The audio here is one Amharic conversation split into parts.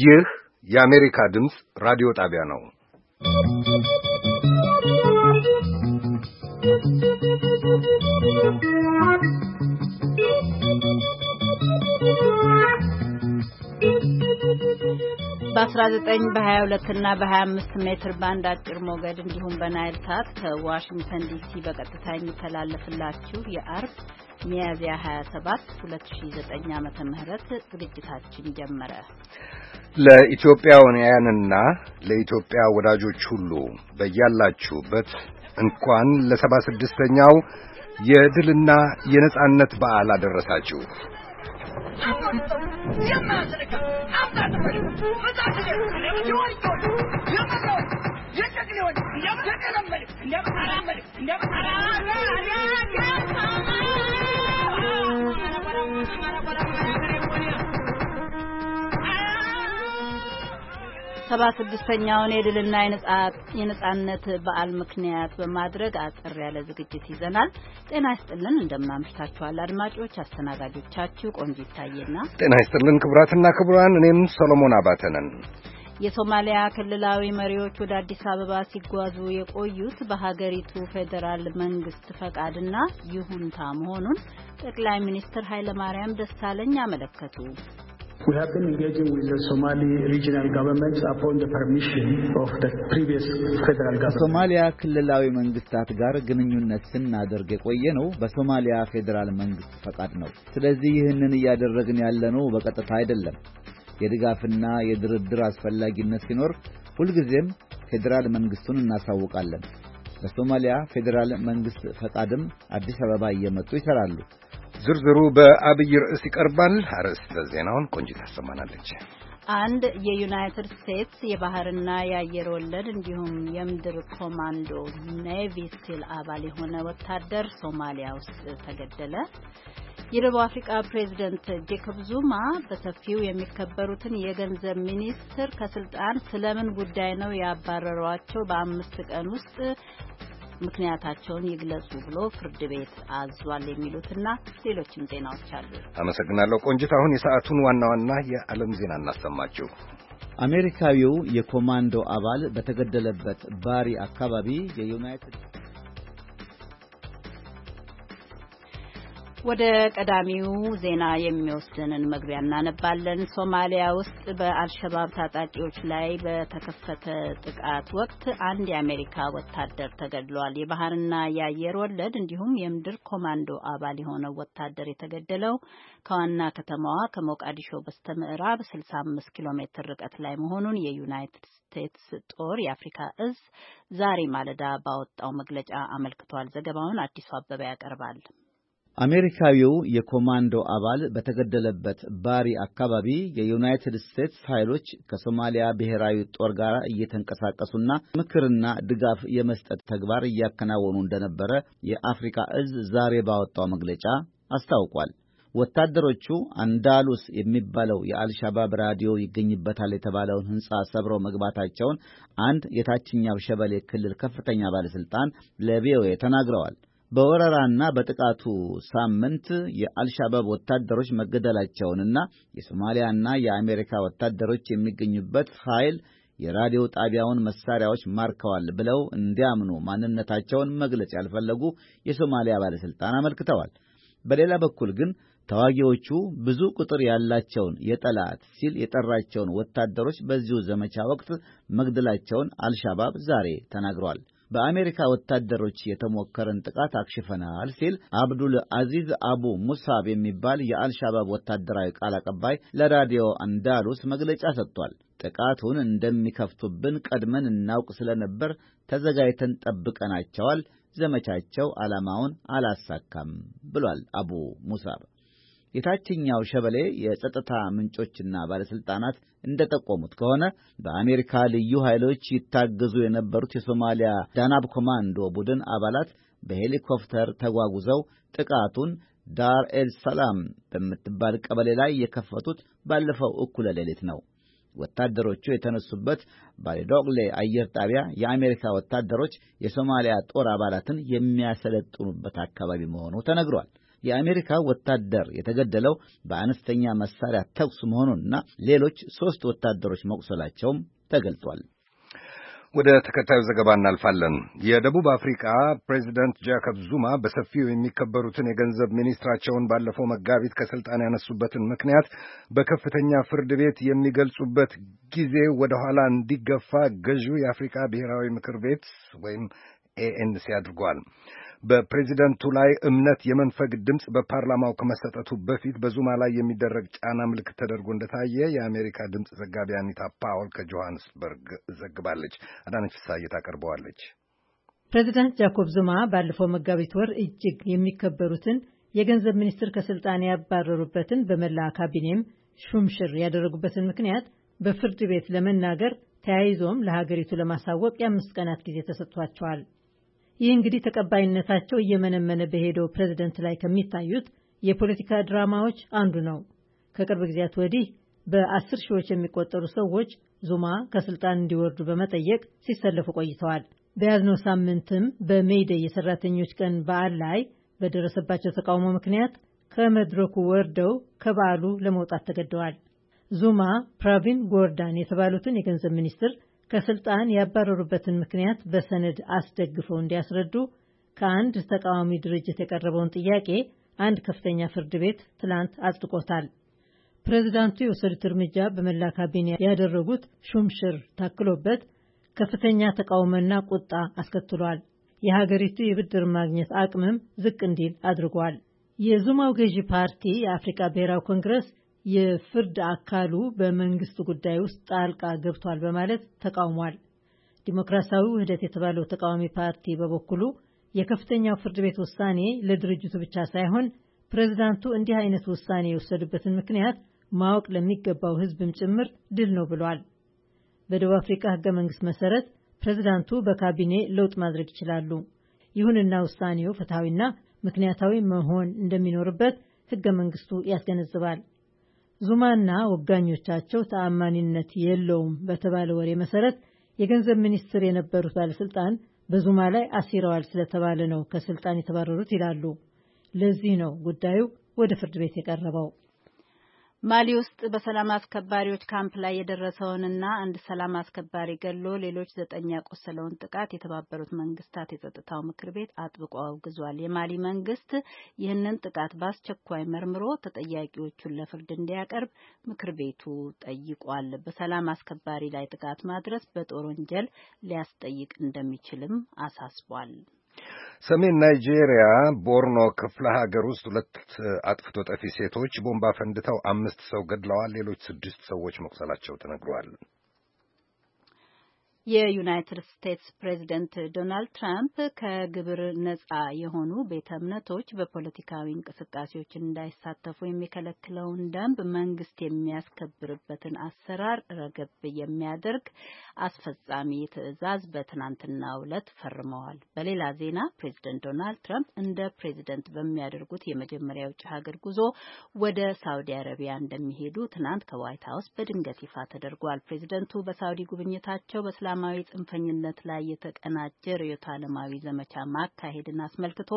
ይህ የአሜሪካ ድምፅ ራዲዮ ጣቢያ ነው። በ19 በ22 እና በ25 ሜትር ባንድ አጭር ሞገድ እንዲሁም በናይል ሳት ከዋሽንግተን ዲሲ በቀጥታ የሚተላለፍላችሁ የአርብ ሚያዝያ 27 2009 ም ዝግጅታችን ጀመረ። ለኢትዮጵያውያንና ለኢትዮጵያ ወዳጆች ሁሉ በያላችሁበት እንኳን ለሰባ ስድስተኛው የድልና የነጻነት በዓል አደረሳችሁ። ሰባ ስድስተኛውን የድልና የነጻነት በዓል ምክንያት በማድረግ አጠር ያለ ዝግጅት ይዘናል። ጤና ይስጥልን፣ እንደምናምሽታችኋል አድማጮች። አስተናጋጆቻችሁ ቆንጆ ይታየና፣ ጤና ይስጥልን ክቡራትና ክቡራን፣ እኔም ሰሎሞን አባተ ነን። የሶማሊያ ክልላዊ መሪዎች ወደ አዲስ አበባ ሲጓዙ የቆዩት በሀገሪቱ ፌዴራል መንግስት ፈቃድና ይሁንታ መሆኑን ጠቅላይ ሚኒስትር ኃይለማርያም ደሳለኝ አመለከቱ። We have been engaging with the Somali regional governments upon the permission of the previous federal government. ከሶማሊያ ክልላዊ መንግስታት ጋር ግንኙነት ስናደርግ የቆየ ነው በሶማሊያ ፌዴራል መንግስት ፈቃድ ነው። ስለዚህ ይህንን እያደረግን ያለነው በቀጥታ አይደለም። የድጋፍና የድርድር አስፈላጊነት ሲኖር ሁልጊዜም ፌዴራል መንግስቱን እናሳውቃለን። በሶማሊያ ፌዴራል መንግስት ፈቃድም አዲስ አበባ እየመጡ ይሰራሉ። ዝርዝሩ በአብይ ርዕስ ይቀርባል። አርዕስተ ዜናውን ቆንጂት ታሰማናለች። አንድ የዩናይትድ ስቴትስ የባህርና የአየር ወለድ እንዲሁም የምድር ኮማንዶ ኔቪ ሲል አባል የሆነ ወታደር ሶማሊያ ውስጥ ተገደለ። የደቡብ አፍሪካ ፕሬዚደንት ጄኮብ ዙማ በሰፊው የሚከበሩትን የገንዘብ ሚኒስትር ከስልጣን ስለምን ጉዳይ ነው ያባረሯቸው? በአምስት ቀን ውስጥ ምክንያታቸውን ይግለጹ ብሎ ፍርድ ቤት አዟል። የሚሉትና ሌሎችም ዜናዎች አሉ። አመሰግናለሁ ቆንጅት። አሁን የሰዓቱን ዋና ዋና የዓለም ዜና እናሰማችሁ። አሜሪካዊው የኮማንዶ አባል በተገደለበት ባሪ አካባቢ የዩናይትድ ወደ ቀዳሚው ዜና የሚወስድንን መግቢያ እናነባለን። ሶማሊያ ውስጥ በአልሸባብ ታጣቂዎች ላይ በተከፈተ ጥቃት ወቅት አንድ የአሜሪካ ወታደር ተገድሏል። የባህርና የአየር ወለድ እንዲሁም የምድር ኮማንዶ አባል የሆነው ወታደር የተገደለው ከዋና ከተማዋ ከሞቃዲሾ በስተ ምዕራብ 65 ኪሎ ሜትር ርቀት ላይ መሆኑን የዩናይትድ ስቴትስ ጦር የአፍሪካ እዝ ዛሬ ማለዳ ባወጣው መግለጫ አመልክቷል። ዘገባውን አዲሱ አበበ ያቀርባል። አሜሪካዊው የኮማንዶ አባል በተገደለበት ባሪ አካባቢ የዩናይትድ ስቴትስ ኃይሎች ከሶማሊያ ብሔራዊ ጦር ጋር እየተንቀሳቀሱና ምክርና ድጋፍ የመስጠት ተግባር እያከናወኑ እንደነበረ የአፍሪካ እዝ ዛሬ ባወጣው መግለጫ አስታውቋል። ወታደሮቹ አንዳሉስ የሚባለው የአልሻባብ ራዲዮ ይገኝበታል የተባለውን ሕንፃ ሰብረው መግባታቸውን አንድ የታችኛው ሸበሌ ክልል ከፍተኛ ባለሥልጣን ለቪኦኤ ተናግረዋል። በወረራና በጥቃቱ ሳምንት የአልሻባብ ወታደሮች መገደላቸውንና የሶማሊያና የአሜሪካ ወታደሮች የሚገኙበት ኃይል የራዲዮ ጣቢያውን መሳሪያዎች ማርከዋል ብለው እንዲያምኑ ማንነታቸውን መግለጽ ያልፈለጉ የሶማሊያ ባለሥልጣን አመልክተዋል። በሌላ በኩል ግን ተዋጊዎቹ ብዙ ቁጥር ያላቸውን የጠላት ሲል የጠራቸውን ወታደሮች በዚሁ ዘመቻ ወቅት መግደላቸውን አልሻባብ ዛሬ ተናግሯል። በአሜሪካ ወታደሮች የተሞከረን ጥቃት አክሽፈናል ሲል አብዱል አዚዝ አቡ ሙሳብ የሚባል የአልሻባብ ወታደራዊ ቃል አቀባይ ለራዲዮ አንዳሉስ መግለጫ ሰጥቷል። ጥቃቱን እንደሚከፍቱብን ቀድመን እናውቅ ስለነበር ተዘጋጅተን ጠብቀናቸዋል። ዘመቻቸው ዓላማውን አላሳካም ብሏል አቡ ሙሳብ። የታችኛው ሸበሌ የጸጥታ ምንጮችና ባለሥልጣናት እንደጠቆሙት ከሆነ በአሜሪካ ልዩ ኃይሎች ይታገዙ የነበሩት የሶማሊያ ዳናብ ኮማንዶ ቡድን አባላት በሄሊኮፕተር ተጓጉዘው ጥቃቱን ዳር ኤል ሰላም በምትባል ቀበሌ ላይ የከፈቱት ባለፈው እኩለ ሌሊት ነው። ወታደሮቹ የተነሱበት ባሌዶቅሌ አየር ጣቢያ የአሜሪካ ወታደሮች የሶማሊያ ጦር አባላትን የሚያሰለጥኑበት አካባቢ መሆኑ ተነግሯል። የአሜሪካ ወታደር የተገደለው በአነስተኛ መሳሪያ ተኩስ መሆኑንና ሌሎች ሦስት ወታደሮች መቁሰላቸውም ተገልጧል። ወደ ተከታዩ ዘገባ እናልፋለን። የደቡብ አፍሪካ ፕሬዚደንት ጃከብ ዙማ በሰፊው የሚከበሩትን የገንዘብ ሚኒስትራቸውን ባለፈው መጋቢት ከስልጣን ያነሱበትን ምክንያት በከፍተኛ ፍርድ ቤት የሚገልጹበት ጊዜ ወደ ኋላ እንዲገፋ ገዢው የአፍሪካ ብሔራዊ ምክር ቤት ወይም ኤኤንሲ አድርጓል። በፕሬዚደንቱ ላይ እምነት የመንፈግ ድምፅ በፓርላማው ከመሰጠቱ በፊት በዙማ ላይ የሚደረግ ጫና ምልክት ተደርጎ እንደታየ የአሜሪካ ድምፅ ዘጋቢ አኒታ ፓውል ከጆሃንስበርግ ዘግባለች። አዳነች ፍሳዬ ታቀርበዋለች። ፕሬዚዳንት ጃኮብ ዙማ ባለፈው መጋቢት ወር እጅግ የሚከበሩትን የገንዘብ ሚኒስትር ከስልጣን ያባረሩበትን በመላ ካቢኔም ሹምሽር ያደረጉበትን ምክንያት በፍርድ ቤት ለመናገር ተያይዞም ለሀገሪቱ ለማሳወቅ የአምስት ቀናት ጊዜ ተሰጥቷቸዋል። ይህ እንግዲህ ተቀባይነታቸው እየመነመነ በሄደው ፕሬዝደንት ላይ ከሚታዩት የፖለቲካ ድራማዎች አንዱ ነው። ከቅርብ ጊዜያት ወዲህ በአስር ሺዎች የሚቆጠሩ ሰዎች ዙማ ከስልጣን እንዲወርዱ በመጠየቅ ሲሰለፉ ቆይተዋል። በያዝነው ሳምንትም በሜይደይ የሰራተኞች ቀን በዓል ላይ በደረሰባቸው ተቃውሞ ምክንያት ከመድረኩ ወርደው ከበዓሉ ለመውጣት ተገደዋል። ዙማ ፕራቪን ጎርዳን የተባሉትን የገንዘብ ሚኒስትር ከስልጣን ያባረሩበትን ምክንያት በሰነድ አስደግፈው እንዲያስረዱ ከአንድ ተቃዋሚ ድርጅት የቀረበውን ጥያቄ አንድ ከፍተኛ ፍርድ ቤት ትላንት አጽድቆታል። ፕሬዚዳንቱ የወሰዱት እርምጃ በመላ ካቢኔ ያደረጉት ሹምሽር ታክሎበት ከፍተኛ ተቃውሞና ቁጣ አስከትሏል። የሀገሪቱ የብድር ማግኘት አቅምም ዝቅ እንዲል አድርጓል። የዙማው ገዢ ፓርቲ የአፍሪካ ብሔራዊ ኮንግረስ የፍርድ አካሉ በመንግስት ጉዳይ ውስጥ ጣልቃ ገብቷል በማለት ተቃውሟል። ዲሞክራሲያዊ ውህደት የተባለው ተቃዋሚ ፓርቲ በበኩሉ የከፍተኛው ፍርድ ቤት ውሳኔ ለድርጅቱ ብቻ ሳይሆን ፕሬዚዳንቱ እንዲህ አይነት ውሳኔ የወሰዱበትን ምክንያት ማወቅ ለሚገባው ህዝብም ጭምር ድል ነው ብሏል። በደቡብ አፍሪካ ህገ መንግስት መሰረት ፕሬዚዳንቱ በካቢኔ ለውጥ ማድረግ ይችላሉ። ይሁንና ውሳኔው ፍትሐዊና ምክንያታዊ መሆን እንደሚኖርበት ህገ መንግስቱ ያስገነዝባል። ዙማና ወጋኞቻቸው ተአማኒነት የለውም በተባለ ወሬ መሰረት የገንዘብ ሚኒስትር የነበሩት ባለስልጣን በዙማ ላይ አሲረዋል ስለተባለ ነው ከስልጣን የተባረሩት ይላሉ። ለዚህ ነው ጉዳዩ ወደ ፍርድ ቤት የቀረበው። ማሊ ውስጥ በሰላም አስከባሪዎች ካምፕ ላይ የደረሰውንና አንድ ሰላም አስከባሪ ገሎ ሌሎች ዘጠኝ ያቆሰለውን ጥቃት የተባበሩት መንግስታት የጸጥታው ምክር ቤት አጥብቆ አውግዟል። የማሊ መንግስት ይህንን ጥቃት በአስቸኳይ መርምሮ ተጠያቂዎቹን ለፍርድ እንዲያቀርብ ምክር ቤቱ ጠይቋል። በሰላም አስከባሪ ላይ ጥቃት ማድረስ በጦር ወንጀል ሊያስጠይቅ እንደሚችልም አሳስቧል። ሰሜን ናይጄሪያ ቦርኖ ክፍለ ሀገር ውስጥ ሁለት አጥፍቶ ጠፊ ሴቶች ቦምብ አፈንድተው አምስት ሰው ገድለዋል። ሌሎች ስድስት ሰዎች መቁሰላቸው ተነግሯል። የዩናይትድ ስቴትስ ፕሬዝደንት ዶናልድ ትራምፕ ከግብር ነጻ የሆኑ ቤተ እምነቶች በፖለቲካዊ እንቅስቃሴዎች እንዳይሳተፉ የሚከለክለውን ደንብ መንግስት የሚያስከብርበትን አሰራር ረገብ የሚያደርግ አስፈጻሚ ትዕዛዝ በትናንትናው ዕለት ፈርመዋል። በሌላ ዜና ፕሬዝደንት ዶናልድ ትራምፕ እንደ ፕሬዝደንት በሚያደርጉት የመጀመሪያ የውጭ ሀገር ጉዞ ወደ ሳውዲ አረቢያ እንደሚሄዱ ትናንት ከዋይት ሀውስ በድንገት ይፋ ተደርጓል። ፕሬዚደንቱ በሳውዲ ጉብኝታቸው በስላ በእስላማዊ ጽንፈኝነት ላይ የተቀናጀ ርዕዮተ ዓለማዊ ዘመቻ ማካሄድን አስመልክቶ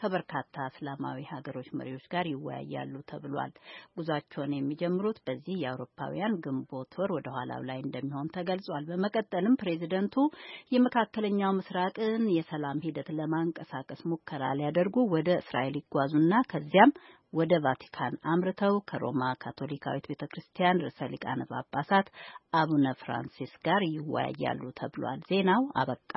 ከበርካታ እስላማዊ ሀገሮች መሪዎች ጋር ይወያያሉ ተብሏል። ጉዟቸውን የሚጀምሩት በዚህ የአውሮፓውያን ግንቦት ወር ወደ ኋላው ላይ እንደሚሆን ተገልጿል። በመቀጠልም ፕሬዚደንቱ የመካከለኛው ምስራቅን የሰላም ሂደት ለማንቀሳቀስ ሙከራ ሊያደርጉ ወደ እስራኤል ይጓዙና ከዚያም ወደ ቫቲካን አምርተው ከሮማ ካቶሊካዊት ቤተ ክርስቲያን ርዕሰ ሊቃነ ጳጳሳት አቡነ ፍራንሲስ ጋር ይወያያሉ ተብሏል። ዜናው አበቃ።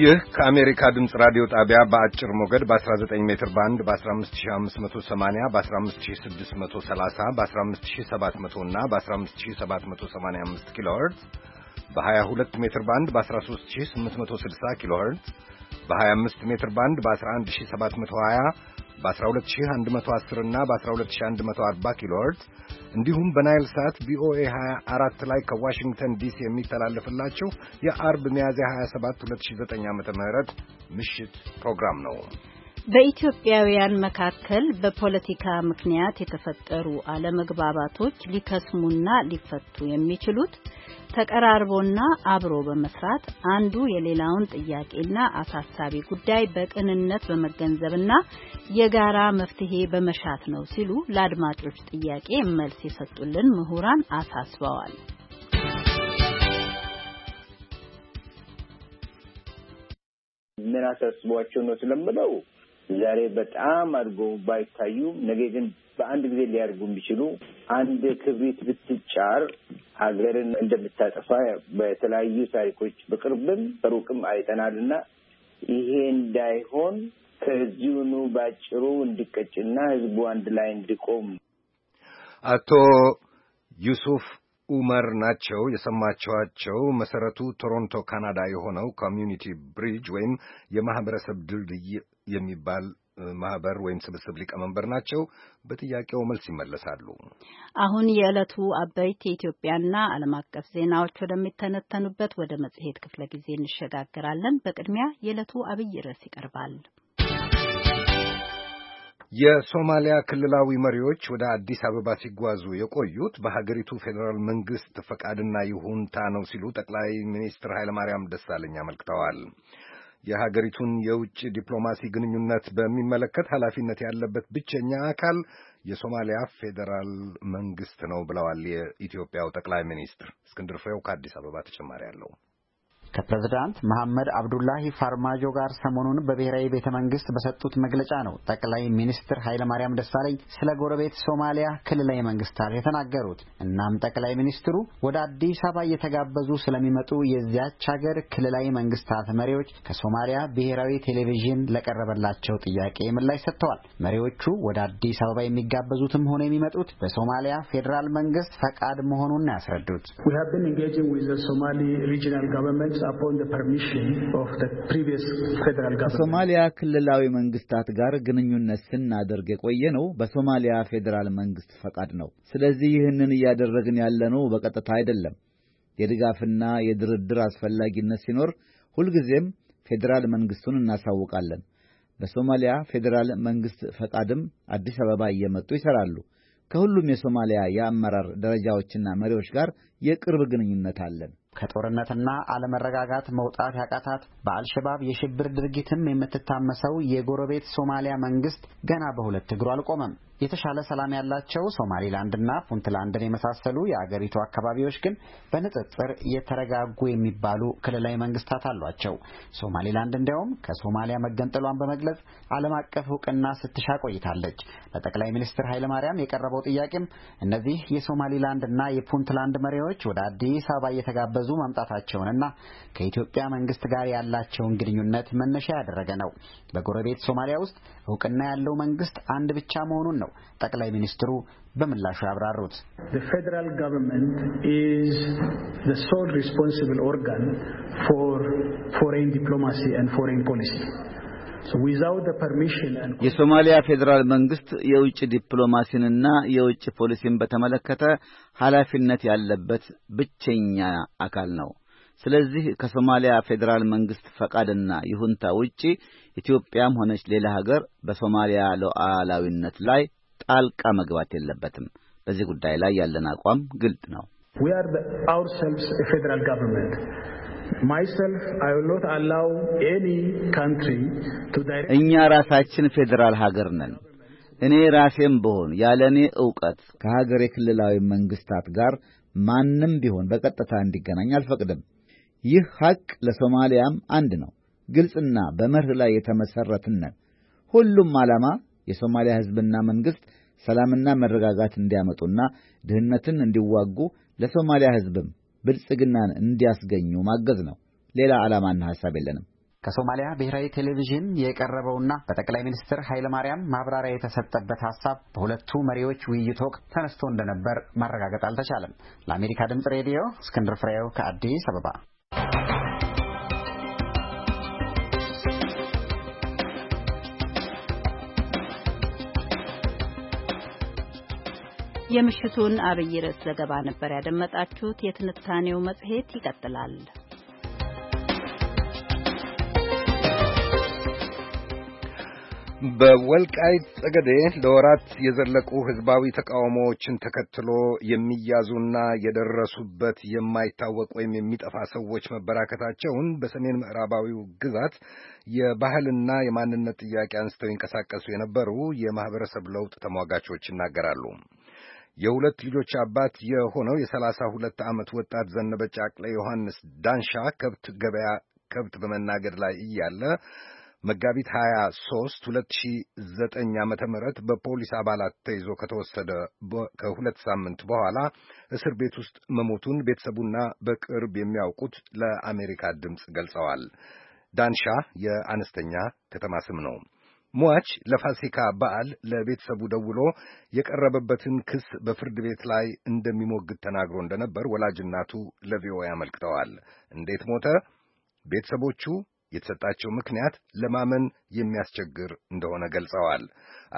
ይህ ከአሜሪካ ድምፅ ራዲዮ ጣቢያ በአጭር ሞገድ በ19 ሜትር ባንድ በ15580 በ15630 በ15700 እና በ15785 ኪሎ ኸርትዝ በ22 ሜትር ባንድ በ13860 ኪሎ ኸርትዝ በ25 ሜትር ባንድ በ11720 በ12110 እና በ12140 ኪሎ ሄርትዝ እንዲሁም በናይል ሳት ቪኦኤ 24 ላይ ከዋሽንግተን ዲሲ የሚተላለፍላቸው የአርብ ሚያዝያ 27 2009 ዓ ም ምሽት ፕሮግራም ነው። በኢትዮጵያውያን መካከል በፖለቲካ ምክንያት የተፈጠሩ አለመግባባቶች ሊከስሙና ሊፈቱ የሚችሉት ተቀራርቦና አብሮ በመስራት አንዱ የሌላውን ጥያቄና አሳሳቢ ጉዳይ በቅንነት በመገንዘብና የጋራ መፍትሄ በመሻት ነው ሲሉ ለአድማጮች ጥያቄ መልስ የሰጡልን ምሁራን አሳስበዋል። ምን አሳስቧቸው ነው ስለምለው ዛሬ በጣም አድጎ ባይታዩም ነገ ግን በአንድ ጊዜ ሊያርጉ የሚችሉ አንድ ክብሪት ብትጫር ሀገርን እንደምታጠፋ በተለያዩ ታሪኮች በቅርብም በሩቅም አይተናልና ይሄ እንዳይሆን ከዚሁኑ ባጭሩ እንዲቀጭና ህዝቡ አንድ ላይ እንዲቆም አቶ ዩሱፍ ኡመር ናቸው የሰማችኋቸው። መሰረቱ ቶሮንቶ ካናዳ የሆነው ኮሚዩኒቲ ብሪጅ ወይም የማህበረሰብ ድልድይ የሚባል ማህበር ወይም ስብስብ ሊቀመንበር ናቸው። በጥያቄው መልስ ይመለሳሉ። አሁን የዕለቱ አበይት የኢትዮጵያና ዓለም አቀፍ ዜናዎች ወደሚተነተኑበት ወደ መጽሔት ክፍለ ጊዜ እንሸጋግራለን። በቅድሚያ የዕለቱ አብይ ርዕስ ይቀርባል። የሶማሊያ ክልላዊ መሪዎች ወደ አዲስ አበባ ሲጓዙ የቆዩት በሀገሪቱ ፌዴራል መንግስት ፈቃድና ይሁንታ ነው ሲሉ ጠቅላይ ሚኒስትር ኃይለማርያም ደሳለኝ አመልክተዋል። የሀገሪቱን የውጭ ዲፕሎማሲ ግንኙነት በሚመለከት ኃላፊነት ያለበት ብቸኛ አካል የሶማሊያ ፌዴራል መንግስት ነው ብለዋል የኢትዮጵያው ጠቅላይ ሚኒስትር። እስክንድር ፍሬው ከአዲስ አበባ ተጨማሪ አለው። ከፕሬዝዳንት መሐመድ አብዱላሂ ፋርማጆ ጋር ሰሞኑን በብሔራዊ ቤተ መንግስት በሰጡት መግለጫ ነው ጠቅላይ ሚኒስትር ኃይለማርያም ደሳለኝ ስለ ጎረቤት ሶማሊያ ክልላዊ መንግስታት የተናገሩት። እናም ጠቅላይ ሚኒስትሩ ወደ አዲስ አበባ እየተጋበዙ ስለሚመጡ የዚያች ሀገር ክልላዊ መንግስታት መሪዎች ከሶማሊያ ብሔራዊ ቴሌቪዥን ለቀረበላቸው ጥያቄ ምላሽ ሰጥተዋል። መሪዎቹ ወደ አዲስ አበባ የሚጋበዙትም ሆነ የሚመጡት በሶማሊያ ፌዴራል መንግስት ፈቃድ መሆኑን ያስረዱት ከሶማሊያ ክልላዊ መንግስታት ጋር ግንኙነት ስናደርግ የቆየ ነው። በሶማሊያ ፌዴራል መንግስት ፈቃድ ነው። ስለዚህ ይህንን እያደረግን ያለነው በቀጥታ አይደለም። የድጋፍና የድርድር አስፈላጊነት ሲኖር ሁልጊዜም ፌዴራል መንግስቱን እናሳውቃለን። በሶማሊያ ፌዴራል መንግስት ፈቃድም አዲስ አበባ እየመጡ ይሠራሉ። ከሁሉም የሶማሊያ የአመራር ደረጃዎችና መሪዎች ጋር የቅርብ ግንኙነት አለን። ከጦርነትና አለመረጋጋት መውጣት ያቃታት በአልሸባብ የሽብር ድርጊትም የምትታመሰው የጎረቤት ሶማሊያ መንግስት ገና በሁለት እግሩ አልቆመም። የተሻለ ሰላም ያላቸው ሶማሊላንድና ፑንትላንድን የመሳሰሉ የአገሪቱ አካባቢዎች ግን በንጽጽር የተረጋጉ የሚባሉ ክልላዊ መንግስታት አሏቸው። ሶማሊላንድ እንዲያውም ከሶማሊያ መገንጠሏን በመግለጽ ዓለም አቀፍ እውቅና ስትሻ ቆይታለች። ለጠቅላይ ሚኒስትር ኃይለማርያም የቀረበው ጥያቄም እነዚህ የሶማሊላንድና የፑንትላንድ መሪዎች ወደ አዲስ አበባ እየተጋበዙ መምጣታቸውንና ከኢትዮጵያ መንግስት ጋር ያላቸውን ግንኙነት መነሻ ያደረገ ነው። በጎረቤት ሶማሊያ ውስጥ እውቅና ያለው መንግስት አንድ ብቻ መሆኑን ነው ጠቅላይ ሚኒስትሩ በምላሹ ያብራሩት ፌዴራል ገቨርንመንት ኢዝ ዘ ሶል ሪስፖንሲብል ኦርጋን ፎር ፎሬን ዲፕሎማሲ ኤንድ ፎሬን ፖሊሲ የሶማሊያ ፌዴራል መንግስት የውጭ ዲፕሎማሲንና የውጭ ፖሊሲን በተመለከተ ኃላፊነት ያለበት ብቸኛ አካል ነው። ስለዚህ ከሶማሊያ ፌዴራል መንግስት ፈቃድና ይሁንታ ውጪ ኢትዮጵያም ሆነች ሌላ ሀገር በሶማሊያ ሉዓላዊነት ላይ ጣልቃ መግባት የለበትም። በዚህ ጉዳይ ላይ ያለን አቋም ግልጥ ነው። We are እኛ ራሳችን ፌዴራል ሀገር ነን። እኔ ራሴም ብሆን ያለ እኔ ዕውቀት ከሀገር የክልላዊ መንግሥታት ጋር ማንም ቢሆን በቀጥታ እንዲገናኝ አልፈቅድም። ይህ ሐቅ ለሶማሊያም አንድ ነው። ግልጽና በመርህ ላይ የተመሠረትን ነን። ሁሉም ዓላማ የሶማሊያ ሕዝብና መንግሥት ሰላምና መረጋጋት እንዲያመጡና ድህነትን እንዲዋጉ ለሶማሊያ ሕዝብም ብልጽግናን እንዲያስገኙ ማገዝ ነው። ሌላ ዓላማና ሐሳብ የለንም። ከሶማሊያ ብሔራዊ ቴሌቪዥን የቀረበውና በጠቅላይ ሚኒስትር ኃይለማርያም ማብራሪያ የተሰጠበት ሀሳብ በሁለቱ መሪዎች ውይይት ወቅት ተነስቶ እንደነበር ማረጋገጥ አልተቻለም። ለአሜሪካ ድምፅ ሬዲዮ እስክንድር ፍሬው ከአዲስ አበባ የምሽቱን አብይ ርዕስ ዘገባ ነበር ያደመጣችሁት። የትንታኔው መጽሔት ይቀጥላል። በወልቃይት ጠገዴ ለወራት የዘለቁ ህዝባዊ ተቃውሞዎችን ተከትሎ የሚያዙና የደረሱበት የማይታወቅ ወይም የሚጠፋ ሰዎች መበራከታቸውን በሰሜን ምዕራባዊው ግዛት የባህልና የማንነት ጥያቄ አንስተው ይንቀሳቀሱ የነበሩ የማህበረሰብ ለውጥ ተሟጋቾች ይናገራሉ። የሁለት ልጆች አባት የሆነው የሰላሳ ሁለት ዓመት ወጣት ዘነበ ጫቅለ ዮሐንስ ዳንሻ ከብት ገበያ ከብት በመናገድ ላይ እያለ መጋቢት 23 2009 ዓ ም በፖሊስ አባላት ተይዞ ከተወሰደ ከሁለት ሳምንት በኋላ እስር ቤት ውስጥ መሞቱን ቤተሰቡና በቅርብ የሚያውቁት ለአሜሪካ ድምፅ ገልጸዋል። ዳንሻ የአነስተኛ ከተማ ስም ነው። ሟች ለፋሲካ በዓል ለቤተሰቡ ደውሎ የቀረበበትን ክስ በፍርድ ቤት ላይ እንደሚሞግት ተናግሮ እንደነበር ወላጅናቱ ለቪኦኤ አመልክተዋል። እንዴት ሞተ? ቤተሰቦቹ የተሰጣቸው ምክንያት ለማመን የሚያስቸግር እንደሆነ ገልጸዋል።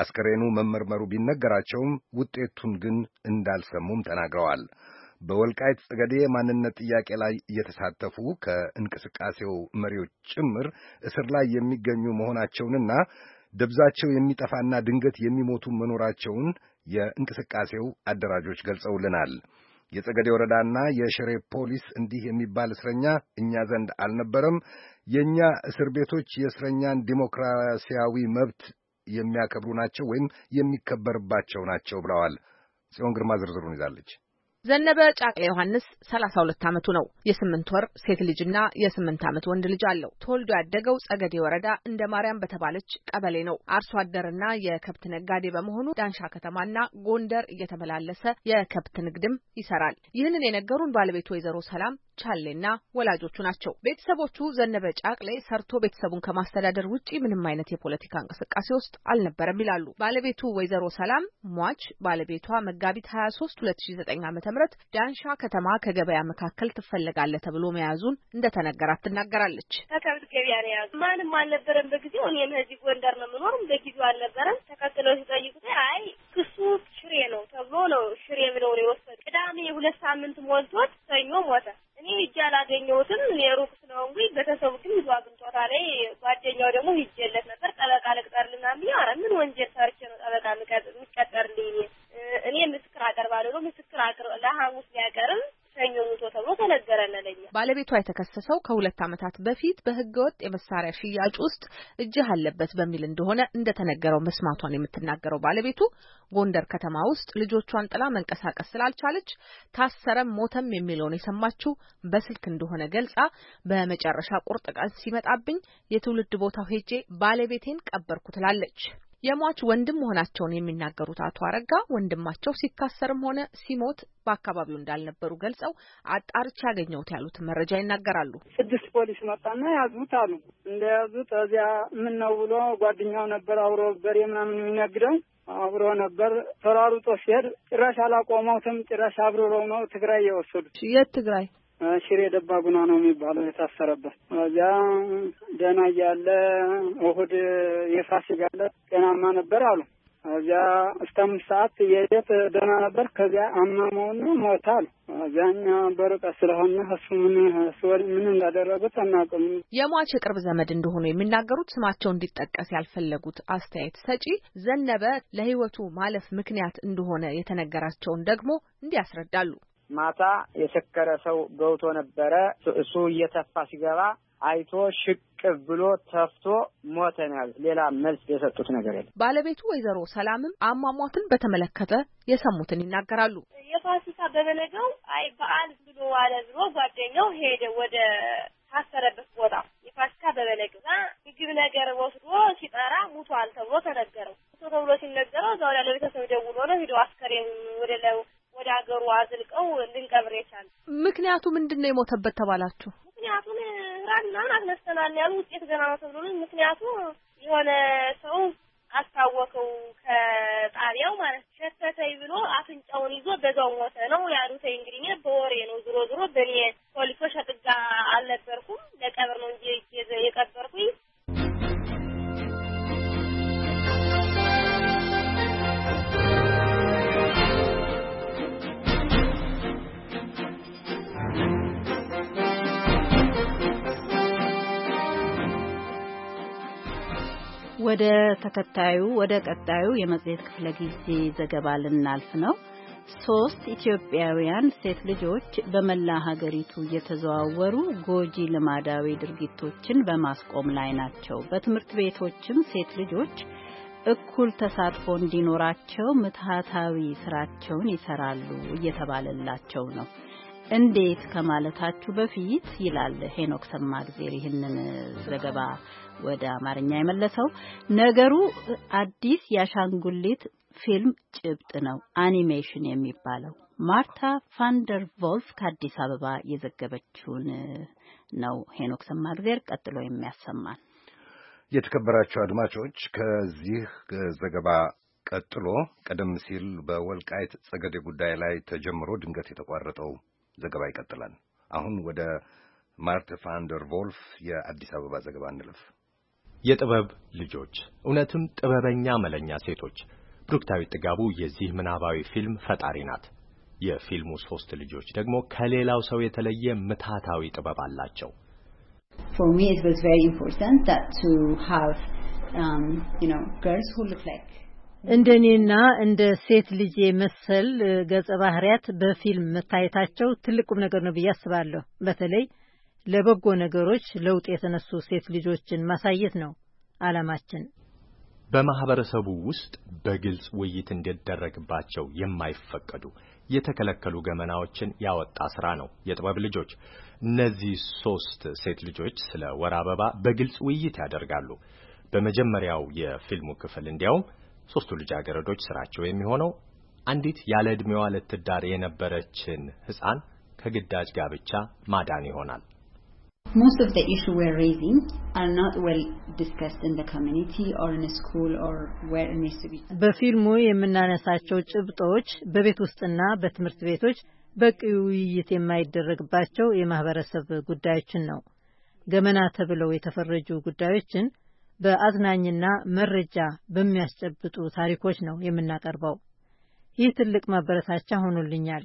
አስከሬኑ መመርመሩ ቢነገራቸውም ውጤቱን ግን እንዳልሰሙም ተናግረዋል። በወልቃይት ጸገዴ ማንነት ጥያቄ ላይ እየተሳተፉ ከእንቅስቃሴው መሪዎች ጭምር እስር ላይ የሚገኙ መሆናቸውንና ደብዛቸው የሚጠፋና ድንገት የሚሞቱ መኖራቸውን የእንቅስቃሴው አደራጆች ገልጸውልናል። የጸገዴ ወረዳና የሽሬ ፖሊስ እንዲህ የሚባል እስረኛ እኛ ዘንድ አልነበረም። የእኛ እስር ቤቶች የእስረኛን ዲሞክራሲያዊ መብት የሚያከብሩ ናቸው ወይም የሚከበርባቸው ናቸው ብለዋል። ጽዮን ግርማ ዝርዝሩን ይዛለች። ዘነበ ጫቅላ ዮሐንስ ሰላሳ ሁለት ዓመቱ ነው። የስምንት ወር ሴት ልጅና የስምንት ዓመት ወንድ ልጅ አለው። ተወልዶ ያደገው ጸገዴ ወረዳ እንደ ማርያም በተባለች ቀበሌ ነው። አርሶ አደርና የከብት ነጋዴ በመሆኑ ዳንሻ ከተማና ጎንደር እየተመላለሰ የከብት ንግድም ይሰራል። ይህንን የነገሩን ባለቤቱ ወይዘሮ ሰላም ቻሌና ወላጆቹ ናቸው። ቤተሰቦቹ ዘነበ ጫቅሌ ሰርቶ ቤተሰቡን ከማስተዳደር ውጭ ምንም አይነት የፖለቲካ እንቅስቃሴ ውስጥ አልነበረም ይላሉ። ባለቤቱ ወይዘሮ ሰላም ሟች ባለቤቷ መጋቢት 23 2009 ዓ ም ዳንሻ ከተማ ከገበያ መካከል ትፈለጋለ ተብሎ መያዙን እንደተነገራት ትናገራለች። ከከብት ገበያ ነው የያዙ። ማንም አልነበረም በጊዜው። እኔም እዚህ ጎንደር ነው የምኖርም በጊዜው አልነበረም። ተከትለው ሲጠይቁት አይ ክሱ ሽሬ ነው ተብሎ ነው ሽሬ ብለው ነው የወሰዱ። ቅዳሜ ሁለት ሳምንት ሞልቶት ሰኞ ሞተ። እኔ ሂጅ አላገኘሁትም። የሩቅ ስለሆንኩኝ ቤተሰቡ ግን ይዞ አግኝቶታል። ጓደኛው ደግሞ ሂጅለት ነበር ጠበቃ ልቅጠርልና ብዬ አረ ምን ወንጀል ሰርቼ ነው ጠበቃ የሚቀጠርልኝ? እኔ ምስክር አቀርባለሁ ምስክር አቅር ለሐሙስ ሊያቀርብ ሰኞ ሙቶ ተብሎ ተነገረን ለኛ። ባለቤቷ የተከሰሰው ከሁለት ዓመታት በፊት በህገወጥ የመሳሪያ ሽያጭ ውስጥ እጅህ አለበት በሚል እንደሆነ እንደተነገረው መስማቷን የምትናገረው ባለቤቱ ጎንደር ከተማ ውስጥ ልጆቿን ጥላ መንቀሳቀስ ስላልቻለች ታሰረም ሞተም የሚለውን የሰማችው በስልክ እንደሆነ ገልጻ በመጨረሻ ቁርጥ ቀን ሲመጣብኝ የትውልድ ቦታው ሄጄ ባለቤቴን ቀበርኩ ትላለች። የሟች ወንድም መሆናቸውን የሚናገሩት አቶ አረጋ ወንድማቸው ሲታሰርም ሆነ ሲሞት በአካባቢው እንዳልነበሩ ገልጸው አጣርቼ ያገኘሁት ያሉትን መረጃ ይናገራሉ። ስድስት ፖሊስ መጣና ያዙት አሉ። እንደያዙት እዚያ ምን ነው ብሎ ጓደኛው ነበር አብሮ በሬ ምናምን የሚነግደው አብሮ ነበር። ተሯሩጦ ሲሄድ ጭራሽ አላቆመውትም። ጭራሽ አብሮ ነው ትግራይ የወሰዱት። የት ትግራይ? ሽሬ ደባ ጉና ነው የሚባለው የታሰረበት። እዚያ ደህና እያለ እሁድ የፋሲካ ዕለት ጤናማ ነበር አሉ። እዚያ እስከ አምስት ሰዓት የሄደት ደህና ነበር። ከዚያ አመመውና ሞተ አሉ። እዚያኛ በርቀት ስለሆነ እሱ ምን ምን እንዳደረጉት አናውቅም። የሟች የቅርብ ዘመድ እንደሆኑ የሚናገሩት ስማቸው እንዲጠቀስ ያልፈለጉት አስተያየት ሰጪ ዘነበ ለህይወቱ ማለፍ ምክንያት እንደሆነ የተነገራቸውን ደግሞ እንዲያስረዳሉ ማታ የሰከረ ሰው ገብቶ ነበረ። እሱ እየተፋ ሲገባ አይቶ ሽቅ ብሎ ተፍቶ ሞተ ነው ያሉት። ሌላ መልስ የሰጡት ነገር የለም። ባለቤቱ ወይዘሮ ሰላምም አሟሟትን በተመለከተ የሰሙትን ይናገራሉ። የፋሲካ በበነገው አይ በዓል ብሎ ዋለ ብሎ ጓደኛው ሄደ ወደ ታሰረበት ቦታ የፋሲካ በበነገው እና ምግብ ነገር ወስዶ ሲጠራ ሙቷል ተብሎ ተነገረው። ሙቶ ተብሎ ሲነገረው እዛው ያለው ቤተሰብ ደውሎ ነው ሄደው አስከሬን ወደ ወደ ሀገሩ አዝልቀው ልንቀብር የቻል ምክንያቱ ምንድን ነው? የሞተበት ተባላችሁ? ምክንያቱን ራን ምናምን አስነስተናል ያሉ ውጤት ገና ነው ተብሎ ምክንያቱ የሆነ ሰው አስታወቀው ከጣቢያው ማለት ሸተተኝ ብሎ አፍንጫውን ይዞ በዛው ሞተ ነው ያሉት። እንግዲህ በወሬ ነው። ዝሮ ዝሮ በእኔ ፖሊሶች አጥጋ አልነበርኩም። ለቀብር ነው እንጂ የቀበርኩኝ ወደ ተከታዩ ወደ ቀጣዩ የመጽሔት ክፍለ ጊዜ ዘገባ ልናልፍ ነው። ሶስት ኢትዮጵያውያን ሴት ልጆች በመላ ሀገሪቱ እየተዘዋወሩ ጎጂ ልማዳዊ ድርጊቶችን በማስቆም ላይ ናቸው። በትምህርት ቤቶችም ሴት ልጆች እኩል ተሳትፎ እንዲኖራቸው ምትሃታዊ ስራቸውን ይሰራሉ እየተባለላቸው ነው። እንዴት ከማለታችሁ በፊት ይላል ሄኖክ ሰማግዜር ይህንን ዘገባ ወደ አማርኛ የመለሰው ነገሩ አዲስ የአሻንጉሊት ፊልም ጭብጥ ነው፣ አኒሜሽን የሚባለው። ማርታ ፋንደር ቮልፍ ከአዲስ አበባ የዘገበችውን ነው ሄኖክ ሰማግዜር ቀጥሎ የሚያሰማን። የተከበራቸው አድማጮች ከዚህ ዘገባ ቀጥሎ ቀደም ሲል በወልቃይት ጸገዴ ጉዳይ ላይ ተጀምሮ ድንገት የተቋረጠው ዘገባ ይቀጥላል። አሁን ወደ ማርተ ቫንደር ቮልፍ የአዲስ አበባ ዘገባ እንለፍ። የጥበብ ልጆች እውነትም ጥበበኛ መለኛ ሴቶች። ብሩክታዊት ጥጋቡ የዚህ ምናባዊ ፊልም ፈጣሪ ናት። የፊልሙ ሶስት ልጆች ደግሞ ከሌላው ሰው የተለየ ምታታዊ ጥበብ አላቸው። um, እንደ እኔና እንደ ሴት ልጄ መሰል uh, ገጸ ባህሪያት በፊልም መታየታቸው ትልቅ ቁም ነገር ነው ብዬ አስባለሁ። በተለይ ለበጎ ነገሮች ለውጥ የተነሱ ሴት ልጆችን ማሳየት ነው ዓላማችን። በማህበረሰቡ ውስጥ በግልጽ ውይይት እንዲደረግባቸው የማይፈቀዱ የተከለከሉ ገመናዎችን ያወጣ ስራ ነው የጥበብ ልጆች። እነዚህ ሶስት ሴት ልጆች ስለ ወር አበባ በግልጽ ውይይት ያደርጋሉ። በመጀመሪያው የፊልሙ ክፍል እንዲያውም ሶስቱ ልጃገረዶች ስራቸው የሚሆነው አንዲት ያለ ዕድሜዋ ልትዳር የነበረችን ሕፃን ከግዳጅ ጋብቻ ማዳን ይሆናል። most of the issues we're raising are not well discussed in the community or in a school or where it needs to be. በፊልሙ የምናነሳቸው ጭብጦች በቤት ውስጥና በትምህርት ቤቶች በቂ ውይይት የማይደረግባቸው የማህበረሰብ ጉዳዮችን ነው። ገመና ተብለው የተፈረጁ ጉዳዮችን በአዝናኝና መረጃ በሚያስጨብጡ ታሪኮች ነው የምናቀርበው። ይህ ትልቅ ማበረታቻ ሆኖልኛል።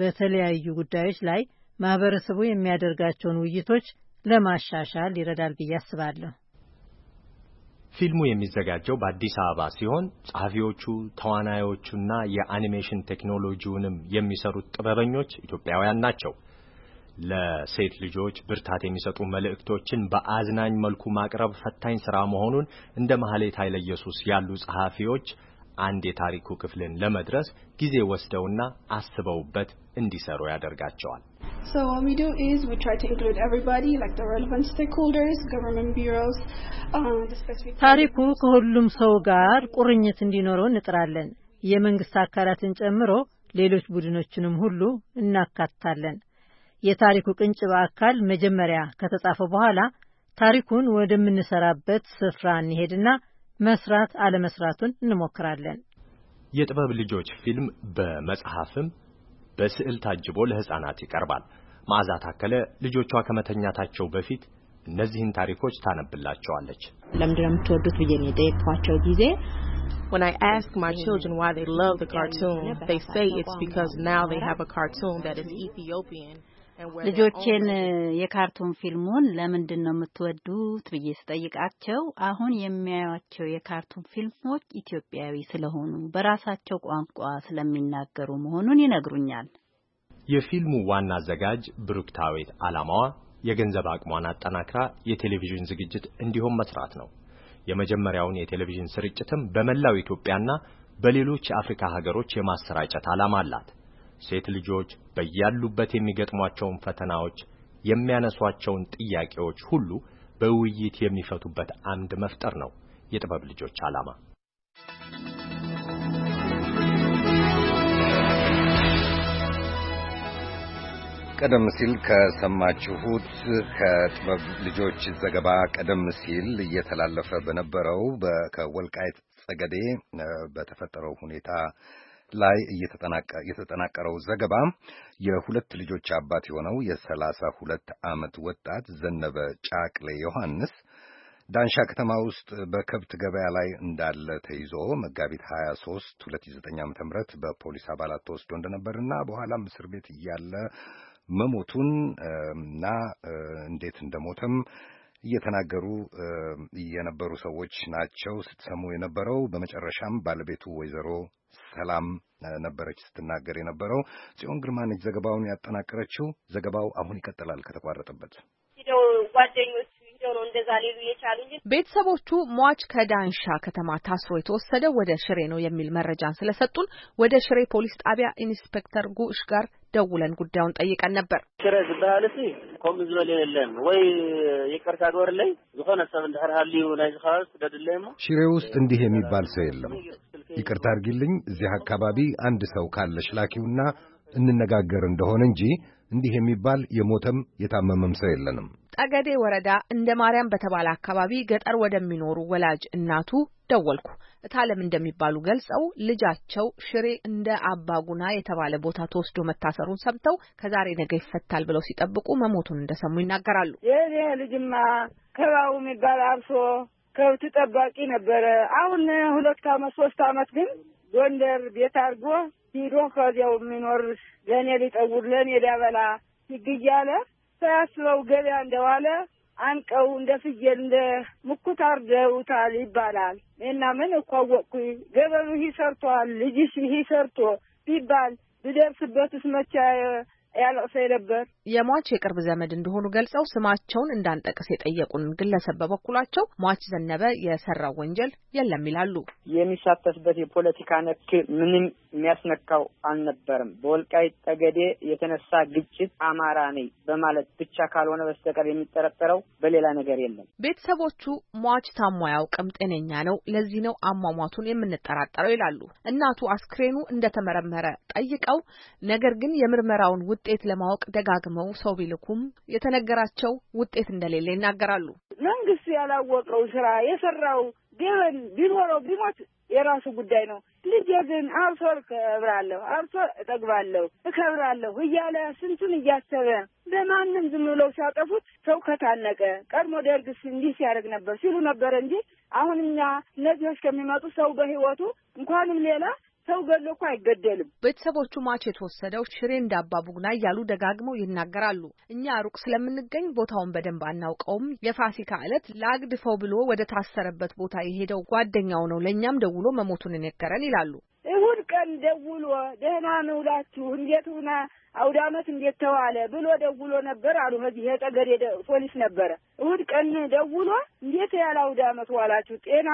በተለያዩ ጉዳዮች ላይ ማህበረሰቡ የሚያደርጋቸውን ውይይቶች ለማሻሻል ይረዳል ብዬ አስባለሁ። ፊልሙ የሚዘጋጀው በአዲስ አበባ ሲሆን ጸሐፊዎቹ፣ ተዋናዮቹና የአኒሜሽን ቴክኖሎጂውንም የሚሰሩት ጥበበኞች ኢትዮጵያውያን ናቸው። ለሴት ልጆች ብርታት የሚሰጡ መልእክቶችን በአዝናኝ መልኩ ማቅረብ ፈታኝ ስራ መሆኑን እንደ መሐሌት ኃይለ ኢየሱስ ያሉ ጸሐፊዎች አንድ የታሪኩ ክፍልን ለመድረስ ጊዜ ወስደውና አስበውበት እንዲሰሩ ያደርጋቸዋል። So what we do is we try to include everybody, like the relevant stakeholders, government bureaus, um, ታሪኩ ከሁሉም ሰው ጋር ቁርኝት እንዲኖረው እንጥራለን። የመንግስት አካላትን ጨምሮ ሌሎች ቡድኖችንም ሁሉ እናካትታለን። የታሪኩ ቅንጭብ አካል መጀመሪያ ከተጻፈ በኋላ ታሪኩን ወደምንሰራበት ስፍራ እንሄድና መስራት አለመስራቱን እንሞክራለን። የጥበብ ልጆች ፊልም በመጽሐፍም በስዕል ታጅቦ ለሕፃናት ይቀርባል። መዓዛ ታከለ ልጆቿ ከመተኛታቸው በፊት እነዚህን ታሪኮች ታነብላቸዋለች። ለምንድን ነው የምትወዱት ብዬ ነው የጠየቅኳቸው ጊዜ When I ask my children why they love the cartoon, they say it's because now they have a cartoon that is Ethiopian. ልጆቼን የካርቱን ፊልሙን ለምንድን ነው የምትወዱት ብዬ ስጠይቃቸው አሁን የሚያዩቸው የካርቱን ፊልሞች ኢትዮጵያዊ ስለሆኑ በራሳቸው ቋንቋ ስለሚናገሩ መሆኑን ይነግሩኛል። የፊልሙ ዋና አዘጋጅ ብሩክታዊት አላማዋ የገንዘብ አቅሟን አጠናክራ የቴሌቪዥን ዝግጅት እንዲሆን መስራት ነው። የመጀመሪያውን የቴሌቪዥን ስርጭትም በመላው ኢትዮጵያና በሌሎች የአፍሪካ ሀገሮች የማሰራጨት ዓላማ አላት። ሴት ልጆች በያሉበት የሚገጥሟቸውን ፈተናዎች፣ የሚያነሷቸውን ጥያቄዎች ሁሉ በውይይት የሚፈቱበት አምድ መፍጠር ነው የጥበብ ልጆች ዓላማ። ቀደም ሲል ከሰማችሁት ከጥበብ ልጆች ዘገባ ቀደም ሲል እየተላለፈ በነበረው ከወልቃይት ጸገዴ በተፈጠረው ሁኔታ ላይ የተጠናቀረው ዘገባ የሁለት ልጆች አባት የሆነው የሰላሳ ሁለት ዓመት ወጣት ዘነበ ጫቅሌ ዮሐንስ ዳንሻ ከተማ ውስጥ በከብት ገበያ ላይ እንዳለ ተይዞ መጋቢት 23 2009 ም በፖሊስ አባላት ተወስዶ እንደነበርና በኋላም እስር ቤት እያለ መሞቱን እና እንዴት እንደሞተም እየተናገሩ የነበሩ ሰዎች ናቸው ስትሰሙ የነበረው። በመጨረሻም ባለቤቱ ወይዘሮ ሰላም ነበረች ስትናገር የነበረው። ጽዮን ግርማ ነች ዘገባውን ያጠናቀረችው። ዘገባው አሁን ይቀጥላል ከተቋረጠበት ቤተሰቦቹ ሟች ከዳንሻ ከተማ ታስሮ የተወሰደ ወደ ሽሬ ነው የሚል መረጃን ስለሰጡን ወደ ሽሬ ፖሊስ ጣቢያ ኢንስፔክተር ጉሽ ጋር ደውለን ጉዳዩን ጠይቀን ነበር። ሽረ ዝበሃል ሲ ከምኡ ዝበል የለን ወይ ይቅርታ ግበርለይ ዝኾነ ሰብ እንድሕር ሃልዩ ናይ ከባቢ ስደድለይ ሞ ሽሬ ውስጥ እንዲህ የሚባል ሰው የለም። ይቅርታ አድርጊልኝ፣ እዚህ አካባቢ አንድ ሰው ካለሽ ላኪውና እንነጋገር እንደሆነ እንጂ እንዲህ የሚባል የሞተም የታመመም ሰው የለንም። ጠገዴ ወረዳ እንደ ማርያም በተባለ አካባቢ ገጠር ወደሚኖሩ ወላጅ እናቱ ደወልኩ። እታለም እንደሚባሉ ገልጸው ልጃቸው ሽሬ እንደ አባጉና የተባለ ቦታ ተወስዶ መታሰሩን ሰምተው ከዛሬ ነገ ይፈታል ብለው ሲጠብቁ መሞቱን እንደሰሙ ይናገራሉ። ይህ ልጅማ ከባቡ የሚባል አርሶ ከብት ጠባቂ ነበረ። አሁን ሁለት አመት ሶስት አመት ግን ጎንደር ቤት አድርጎ ሂዶ ከዚያው የሚኖር ለእኔ ሊጠውር ለእኔ ሊያበላ ሲግ እያለ ሳያስበው ገበያ እንደዋለ አንቀው እንደ ፍየል እንደ ምኩት አርደውታል ይባላል እና ምን እኮ አወቅኩ ገበኑ ይህ ሰርቷል ልጅሽ ይህ ሰርቶ ቢባል ብደርስበትስ ያለቅሰ ነበር። የሟች የቅርብ ዘመድ እንደሆኑ ገልጸው ስማቸውን እንዳንጠቅስ የጠየቁን ግለሰብ በበኩላቸው ሟች ዘነበ የሰራው ወንጀል የለም ይላሉ። የሚሳተፍበት የፖለቲካ ነክ ምንም የሚያስነካው አልነበርም። በወልቃይት ጠገዴ የተነሳ ግጭት አማራ ነኝ በማለት ብቻ ካልሆነ በስተቀር የሚጠረጠረው በሌላ ነገር የለም። ቤተሰቦቹ ሟች ታሞ አያውቅም፣ ጤነኛ ነው። ለዚህ ነው አሟሟቱን የምንጠራጠረው ይላሉ። እናቱ አስክሬኑ እንደተመረመረ ጠይቀው ነገር ግን የምርመራውን ውጤት ለማወቅ ደጋግመው ሰው ቢልኩም የተነገራቸው ውጤት እንደሌለ ይናገራሉ። መንግስት ያላወቀው ስራ የሰራው ገበን ቢኖረው ቢሞት የራሱ ጉዳይ ነው። ልጄ ግን አርሶ እከብራለሁ፣ አርሶ እጠግባለሁ፣ እከብራለሁ እያለ ስንቱን እያሰበ በማንም ዝም ብለው ሲያጠፉት ሰው ከታነቀ ቀድሞ ደርግስ እንዲህ ሲያደርግ ነበር ሲሉ ነበር እንጂ አሁን እኛ እነዚህ ከሚመጡ ሰው በህይወቱ እንኳንም ሌላ ሰው ገሎ እኮ አይገደልም። ቤተሰቦቹ ማች የተወሰደው ሽሬ እንዳባ ቡግና እያሉ ደጋግመው ይናገራሉ። እኛ ሩቅ ስለምንገኝ ቦታውን በደንብ አናውቀውም። የፋሲካ ዕለት ለአግድፈው ብሎ ወደ ታሰረበት ቦታ የሄደው ጓደኛው ነው ለእኛም ደውሎ መሞቱን ነገረን ይላሉ። እሁድ ቀን ደውሎ ደህና ነው እንዴት ሁና አውደ አመት እንዴት ተዋለ ብሎ ደውሎ ነበር አሉ። በዚህ የጠገዴ ፖሊስ ነበረ። እሁድ ቀን ደውሎ እንዴት ያለ አውደ አመት ዋላችሁ ጤና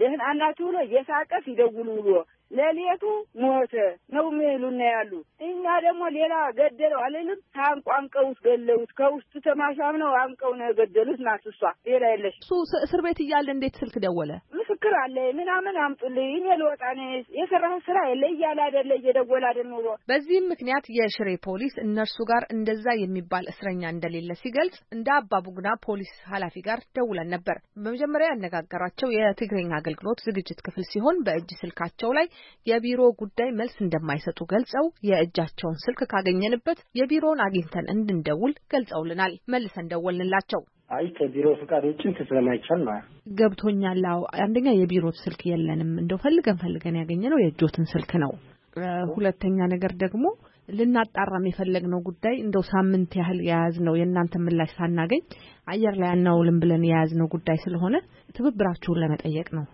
ደህና ናችሁ ብሎ እየሳቀ ሲደውል ውሎ ሌሊቱ ሞተ ነው የሚሉና ያሉ እኛ ደግሞ ሌላ ገደለው አልልም። ታንቆ አንቀውት ገለውት። ከውስጥ ተማሻም ነው አንቀው ነው የገደሉት ናት እሷ፣ ሌላ የለሽ። እሱ እስር ቤት እያለ እንዴት ስልክ ደወለ? ምስክር አለ ምናምን አምጡልኝ፣ እኔ ልወጣ ነው፣ የሰራህ ስራ የለ እያለ አደለ እየደወለ አደል ኑሮ። በዚህም ምክንያት የሽሬ ፖሊስ እነርሱ ጋር እንደዛ የሚባል እስረኛ እንደሌለ ሲገልጽ እንደ አባ ቡግና ፖሊስ ኃላፊ ጋር ደውለን ነበር። በመጀመሪያ ያነጋገራቸው የትግረኛ አገልግሎት ዝግጅት ክፍል ሲሆን በእጅ ስልካቸው ላይ የቢሮ ጉዳይ መልስ እንደማይሰጡ ገልጸው የእጃቸውን ስልክ ካገኘንበት የቢሮውን አግኝተን እንድንደውል ገልጸውልናል። መልሰን ደወልንላቸው። አይ ከቢሮ ፍቃድ ውጭ ስለማይቻል ነው ገብቶኛል። አዎ አንደኛ የቢሮ ስልክ የለንም፣ እንደው ፈልገን ፈልገን ያገኘነው የእጆትን ስልክ ነው። ሁለተኛ ነገር ደግሞ ልናጣራም የፈለግነው ጉዳይ እንደው ሳምንት ያህል የያዝነው የእናንተ ምላሽ ሳናገኝ አየር ላይ አናውልም ብለን የያዝነው ጉዳይ ስለሆነ ትብብራችሁን ለመጠየቅ ነው።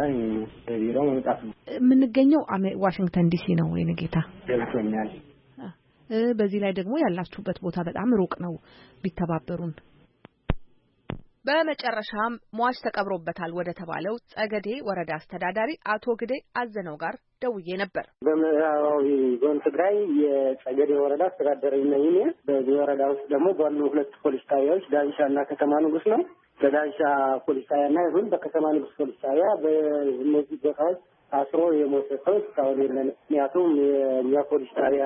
ላይ ቢሮ መምጣት ነው። የምንገኘው ዋሽንግተን ዲሲ ነው። ወይ ጌታ ይመስለኛል። በዚህ ላይ ደግሞ ያላችሁበት ቦታ በጣም ሩቅ ነው፣ ቢተባበሩን። በመጨረሻም ሟች ተቀብሮበታል ወደ ተባለው ጸገዴ ወረዳ አስተዳዳሪ አቶ ግዴ አዘነው ጋር ደውዬ ነበር። በምዕራባዊ ዞን ትግራይ የጸገዴ ወረዳ አስተዳዳሪ ነኝ። በዚህ ወረዳ ውስጥ ደግሞ ባሉ ሁለት ፖሊስ ጣቢያዎች ዳንሻ እና ከተማ ንጉስ ነው። በዳንሻ ፖሊስ ጣቢያ እና ይሁን በከተማ ንጉስ ፖሊስ ጣቢያ በእነዚህ ቦታዎች አስሮ የሞተ ሰው እስካሁን የለን። ምክንያቱም የእኛ ፖሊስ ጣቢያ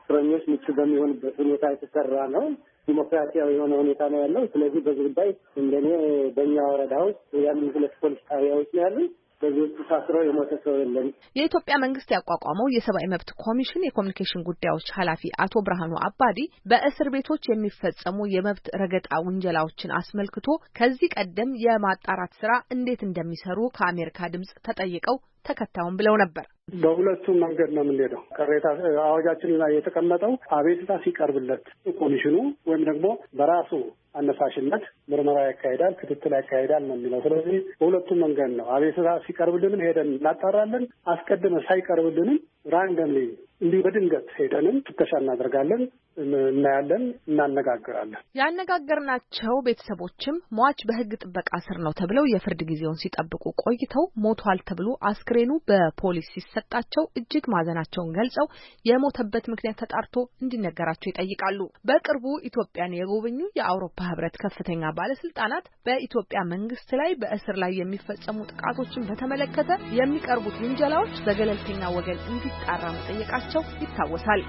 እስረኞች ምቹ በሚሆንበት ሁኔታ የተሰራ ነው። ዲሞክራሲያዊ የሆነ ሁኔታ ነው ያለው። ስለዚህ በዚህ ጉዳይ እንደኔ በእኛ ወረዳ ውስጥ ያሉ ሁለት ፖሊስ ጣቢያዎች ነው ያሉ። በዚህ ታስረው የሞተ ሰው የለም። የኢትዮጵያ መንግስት ያቋቋመው የሰብአዊ መብት ኮሚሽን የኮሚኒኬሽን ጉዳዮች ኃላፊ አቶ ብርሃኑ አባዲ በእስር ቤቶች የሚፈጸሙ የመብት ረገጣ ውንጀላዎችን አስመልክቶ ከዚህ ቀደም የማጣራት ስራ እንዴት እንደሚሰሩ ከአሜሪካ ድምጽ ተጠይቀው ተከታዩም ብለው ነበር። በሁለቱም መንገድ ነው የምንሄደው። ቅሬታ አዋጃችን ላይ የተቀመጠው አቤቱታ ሲቀርብለት ኮሚሽኑ ወይም ደግሞ በራሱ አነሳሽነት ምርመራ ያካሄዳል፣ ክትትል ያካሄዳል ነው የሚለው። ስለዚህ በሁለቱም መንገድ ነው። አቤቱታ ሲቀርብልንም ሄደን እናጣራለን። አስቀድመ ሳይቀርብልንም ራንደምሊ እንዲህ በድንገት ሄደንም ፍተሻ እናደርጋለን። እናያለን፣ እናነጋግራለን። ያነጋገርናቸው ቤተሰቦችም ሟች በህግ ጥበቃ ስር ነው ተብለው የፍርድ ጊዜውን ሲጠብቁ ቆይተው ሞቷል ተብሎ አስክሬኑ በፖሊስ ሲሰጣቸው እጅግ ማዘናቸውን ገልጸው የሞተበት ምክንያት ተጣርቶ እንዲነገራቸው ይጠይቃሉ። በቅርቡ ኢትዮጵያን የጎበኙ የአውሮፓ ህብረት ከፍተኛ ባለስልጣናት በኢትዮጵያ መንግስት ላይ በእስር ላይ የሚፈጸሙ ጥቃቶችን በተመለከተ የሚቀርቡት ውንጀላዎች በገለልተኛ ወገን እንዲጣራ መጠየቃቸው ይታወሳል።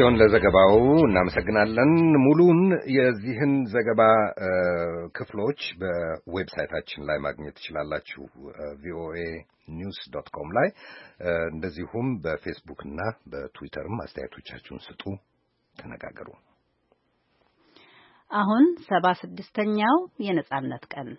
ጽዮን ለዘገባው እናመሰግናለን። ሙሉን የዚህን ዘገባ ክፍሎች በዌብሳይታችን ላይ ማግኘት ትችላላችሁ፣ ቪኦኤ ኒውስ ዶት ኮም ላይ እንደዚሁም በፌስቡክ እና በትዊተርም አስተያየቶቻችሁን ስጡ፣ ተነጋገሩ። አሁን ሰባ ስድስተኛው የነጻነት ቀን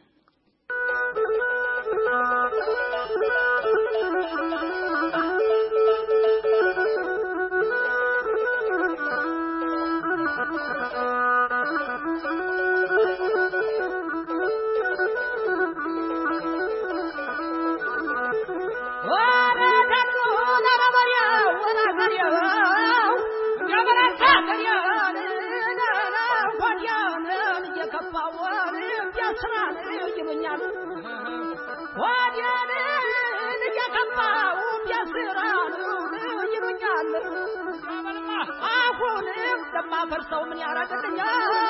ለማ ፈርሰው ምን ያረግልኛል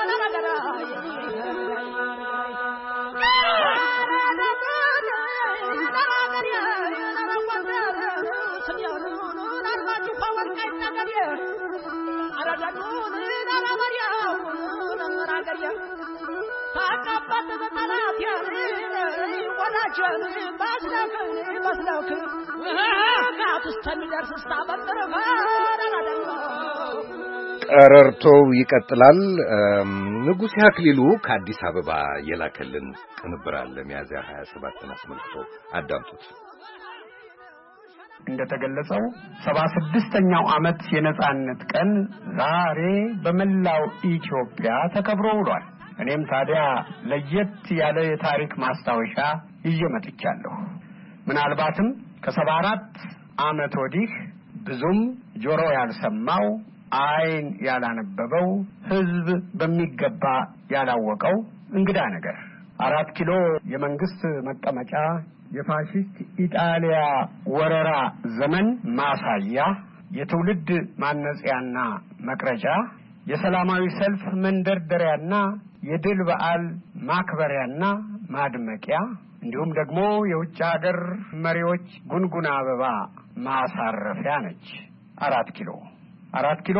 አረገራይ ታቃባት በጠላትያን ወዳጀን ባስለክ ባስለክ ጋት እስከሚደርስ ስታበጥር ፈረና ደግሞ ቀረርቶው ይቀጥላል። ንጉሴ አክሊሉ ከአዲስ አበባ የላከልን ቅንብር አለ። ሚያዝያ 27ን አስመልክቶ አዳምጡት። እንደተገለጸው ሰባ ስድስተኛው ዓመት የነጻነት ቀን ዛሬ በመላው ኢትዮጵያ ተከብሮ ውሏል። እኔም ታዲያ ለየት ያለ የታሪክ ማስታወሻ ይዤ መጥቻለሁ። ምናልባትም ከሰባ አራት ዓመት ወዲህ ብዙም ጆሮ ያልሰማው አይን ያላነበበው ህዝብ በሚገባ ያላወቀው እንግዳ ነገር አራት ኪሎ የመንግስት መቀመጫ የፋሽስት ኢጣሊያ ወረራ ዘመን ማሳያ የትውልድ ማነጽያና መቅረጫ የሰላማዊ ሰልፍ መንደርደሪያና የድል በዓል ማክበሪያና ማድመቂያ እንዲሁም ደግሞ የውጭ ሀገር መሪዎች ጉንጉን አበባ ማሳረፊያ ነች አራት ኪሎ። አራት ኪሎ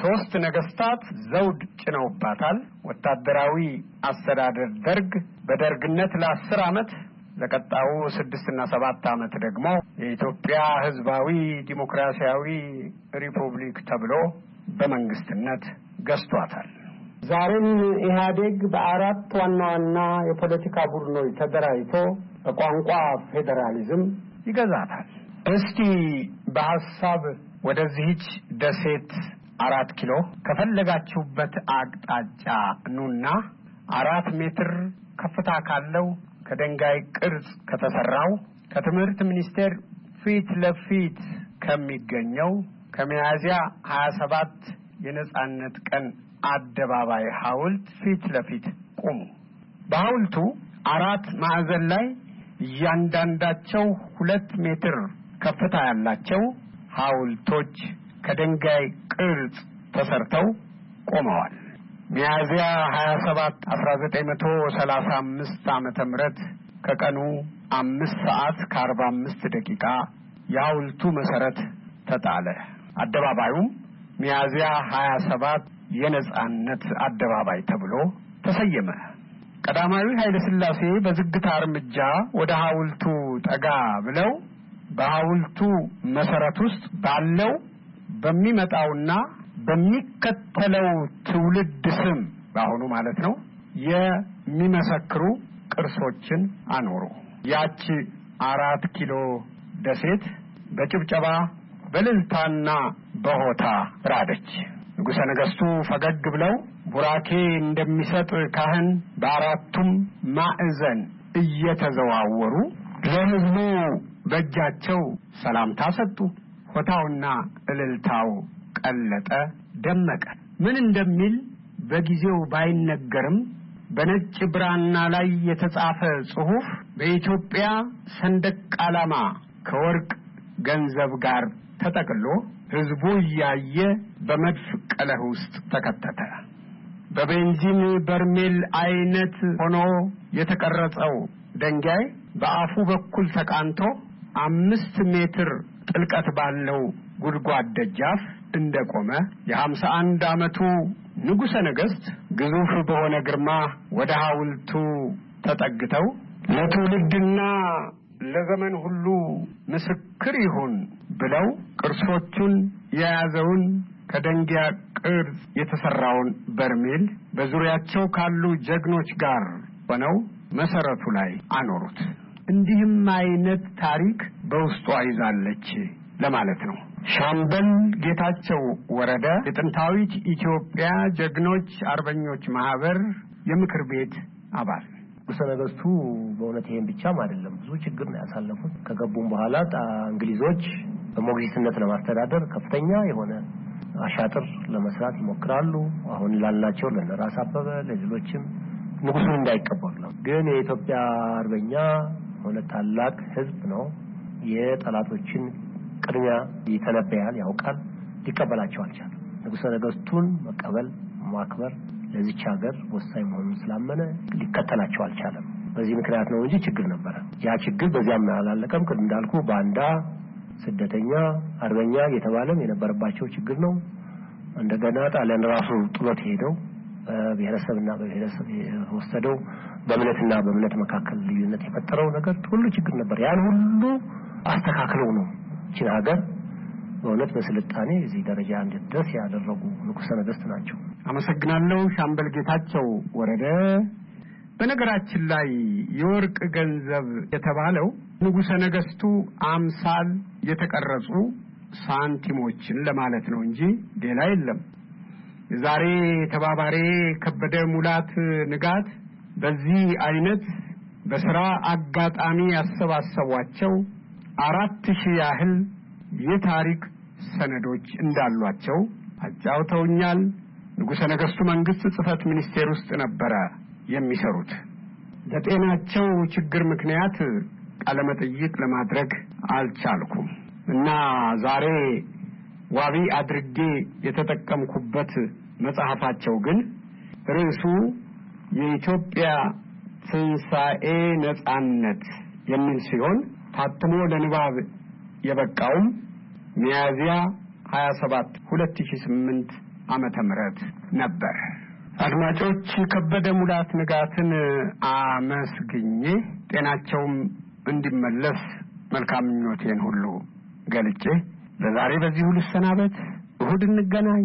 ሶስት ነገስታት ዘውድ ጭነውባታል። ወታደራዊ አስተዳደር ደርግ በደርግነት ለአስር ዓመት ለቀጣዩ ስድስትና ሰባት ዓመት ደግሞ የኢትዮጵያ ህዝባዊ ዲሞክራሲያዊ ሪፑብሊክ ተብሎ በመንግስትነት ገዝቷታል። ዛሬም ኢህአዴግ በአራት ዋና ዋና የፖለቲካ ቡድኖች ተደራጅቶ በቋንቋ ፌዴራሊዝም ይገዛታል። እስቲ በሀሳብ ወደዚህች ደሴት አራት ኪሎ ከፈለጋችሁበት አቅጣጫ ኑና አራት ሜትር ከፍታ ካለው ከድንጋይ ቅርጽ ከተሰራው ከትምህርት ሚኒስቴር ፊት ለፊት ከሚገኘው ከመያዝያ ሀያ ሰባት የነጻነት ቀን አደባባይ ሐውልት ፊት ለፊት ቁሙ። በሐውልቱ አራት ማዕዘን ላይ እያንዳንዳቸው ሁለት ሜትር ከፍታ ያላቸው ሐውልቶች ከድንጋይ ቅርጽ ተሰርተው ቆመዋል። ሚያዝያ 27 1935 ዓመተ ምህረት ከቀኑ አምስት ሰዓት ከአርባ አምስት ደቂቃ የሐውልቱ መሠረት ተጣለ። አደባባዩም ሚያዝያ 27 የነጻነት አደባባይ ተብሎ ተሰየመ። ቀዳማዊ ኃይለ ሥላሴ በዝግታ እርምጃ ወደ ሐውልቱ ጠጋ ብለው በሐውልቱ መሰረት ውስጥ ባለው በሚመጣውና በሚከተለው ትውልድ ስም በአሁኑ ማለት ነው የሚመሰክሩ ቅርሶችን አኖሩ። ያቺ አራት ኪሎ ደሴት በጭብጨባ በልልታና በሆታ ራደች። ንጉሠ ነገሥቱ ፈገግ ብለው ቡራኬ እንደሚሰጥ ካህን በአራቱም ማዕዘን እየተዘዋወሩ ለሕዝቡ በእጃቸው ሰላምታ ሰጡ። ሆታውና እልልታው ቀለጠ፣ ደመቀ። ምን እንደሚል በጊዜው ባይነገርም በነጭ ብራና ላይ የተጻፈ ጽሑፍ በኢትዮጵያ ሰንደቅ ዓላማ ከወርቅ ገንዘብ ጋር ተጠቅሎ ሕዝቡ እያየ በመድፍ ቀለህ ውስጥ ተከተተ። በቤንዚን በርሜል አይነት ሆኖ የተቀረጸው ደንጋይ በአፉ በኩል ተቃንቶ አምስት ሜትር ጥልቀት ባለው ጉድጓድ ደጃፍ እንደቆመ የሀምሳ አንድ ዓመቱ ንጉሠ ነገሥት ግዙፍ በሆነ ግርማ ወደ ሐውልቱ ተጠግተው ለትውልድና ለዘመን ሁሉ ምስክር ይሁን ብለው ቅርሶቹን የያዘውን ከደንጊያ ቅርጽ የተሠራውን በርሜል በዙሪያቸው ካሉ ጀግኖች ጋር ሆነው መሠረቱ ላይ አኖሩት። እንዲህም አይነት ታሪክ በውስጧ ይዛለች ለማለት ነው። ሻምበል ጌታቸው ወረደ የጥንታዊት ኢትዮጵያ ጀግኖች አርበኞች ማህበር የምክር ቤት አባል ንጉሠ ነገሥቱ በእውነት ይሄን ብቻም አይደለም፣ ብዙ ችግር ነው ያሳለፉት። ከገቡም በኋላ እንግሊዞች በሞግዚትነት ለማስተዳደር ከፍተኛ የሆነ አሻጥር ለመስራት ይሞክራሉ። አሁን ላልናቸው ለነራስ ራስ አበበ ለሌሎችም ንጉሱን እንዳይቀበሉ ግን የኢትዮጵያ አርበኛ የሆነ ታላቅ ህዝብ ነው። የጠላቶችን ቅድሚያ ይተነበያል፣ ያውቃል። ሊቀበላቸው አልቻለም። ንጉሠ ነገሥቱን መቀበል ማክበር ለዚች ሀገር ወሳኝ መሆኑን ስላመነ ሊከተላቸው አልቻለም። በዚህ ምክንያት ነው እንጂ ችግር ነበረ። ያ ችግር በዚያም አላለቀም። ቅድም እንዳልኩ ባንዳ፣ ስደተኛ፣ አርበኛ እየተባለም የነበረባቸው ችግር ነው። እንደገና ጣሊያን ራሱ ጥሎት ሄደው በብሔረሰብና በብሔረሰብ የወሰደው በእምነትና በእምነት መካከል ልዩነት የፈጠረው ነገር ሁሉ ችግር ነበር። ያን ሁሉ አስተካክለው ነው ይህችን ሀገር በእውነት በስልጣኔ እዚህ ደረጃ እንድትደርስ ያደረጉ ንጉሠ ነገሥት ናቸው። አመሰግናለሁ። ሻምበል ጌታቸው ወረደ። በነገራችን ላይ የወርቅ ገንዘብ የተባለው ንጉሠ ነገሥቱ አምሳል የተቀረጹ ሳንቲሞችን ለማለት ነው እንጂ ሌላ የለም። ዛሬ ተባባሪ ከበደ ሙላት ንጋት በዚህ አይነት በስራ አጋጣሚ ያሰባሰቧቸው አራት ሺህ ያህል የታሪክ ሰነዶች እንዳሏቸው አጫውተውኛል። ንጉሠ ነገሥቱ መንግሥት ጽህፈት ሚኒስቴር ውስጥ ነበረ የሚሰሩት። ለጤናቸው ችግር ምክንያት ቃለ መጠይቅ ለማድረግ አልቻልኩም እና ዛሬ ዋቢ አድርጌ የተጠቀምኩበት መጽሐፋቸው ግን ርዕሱ የኢትዮጵያ ትንሣኤ ነጻነት የሚል ሲሆን ታትሞ ለንባብ የበቃውም ሚያዝያ 27 2008 ዓመተ ምህረት ነበር። አድማጮች ከበደ ሙላት ንጋትን አመስግኜ ጤናቸውም እንዲመለስ መልካም ምኞቴን ሁሉ ገልጬ ለዛሬ ሁሉ ሰናበት እሁድ እንገናኝ።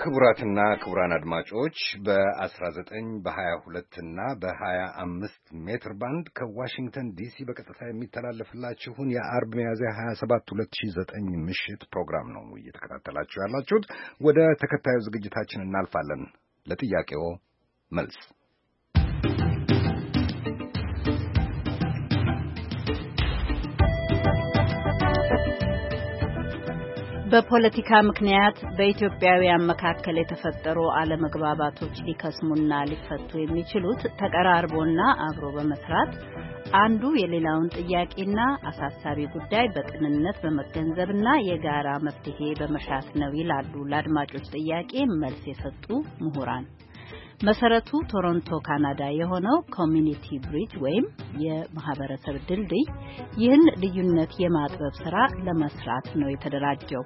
ክቡራትና ክቡራን አድማጮች በ19 በ22 እና በ25 ሜትር ባንድ ከዋሽንግተን ዲሲ በቀጥታ የሚተላለፍላችሁን የአርብ ሚያዝያ 27 2009 ምሽት ፕሮግራም ነው እየተከታተላችሁ ያላችሁት። ወደ ተከታዩ ዝግጅታችን እናልፋለን። ለጥያቄዎ መልስ በፖለቲካ ምክንያት በኢትዮጵያውያን መካከል የተፈጠሩ አለመግባባቶች ሊከስሙና ሊፈቱ የሚችሉት ተቀራርቦና አብሮ በመስራት አንዱ የሌላውን ጥያቄና አሳሳቢ ጉዳይ በቅንነት በመገንዘብና የጋራ መፍትሄ በመሻት ነው ይላሉ ለአድማጮች ጥያቄ መልስ የሰጡ ምሁራን። መሰረቱ ቶሮንቶ ካናዳ የሆነው ኮሚኒቲ ብሪጅ ወይም የማህበረሰብ ድልድይ ይህን ልዩነት የማጥበብ ስራ ለመስራት ነው የተደራጀው።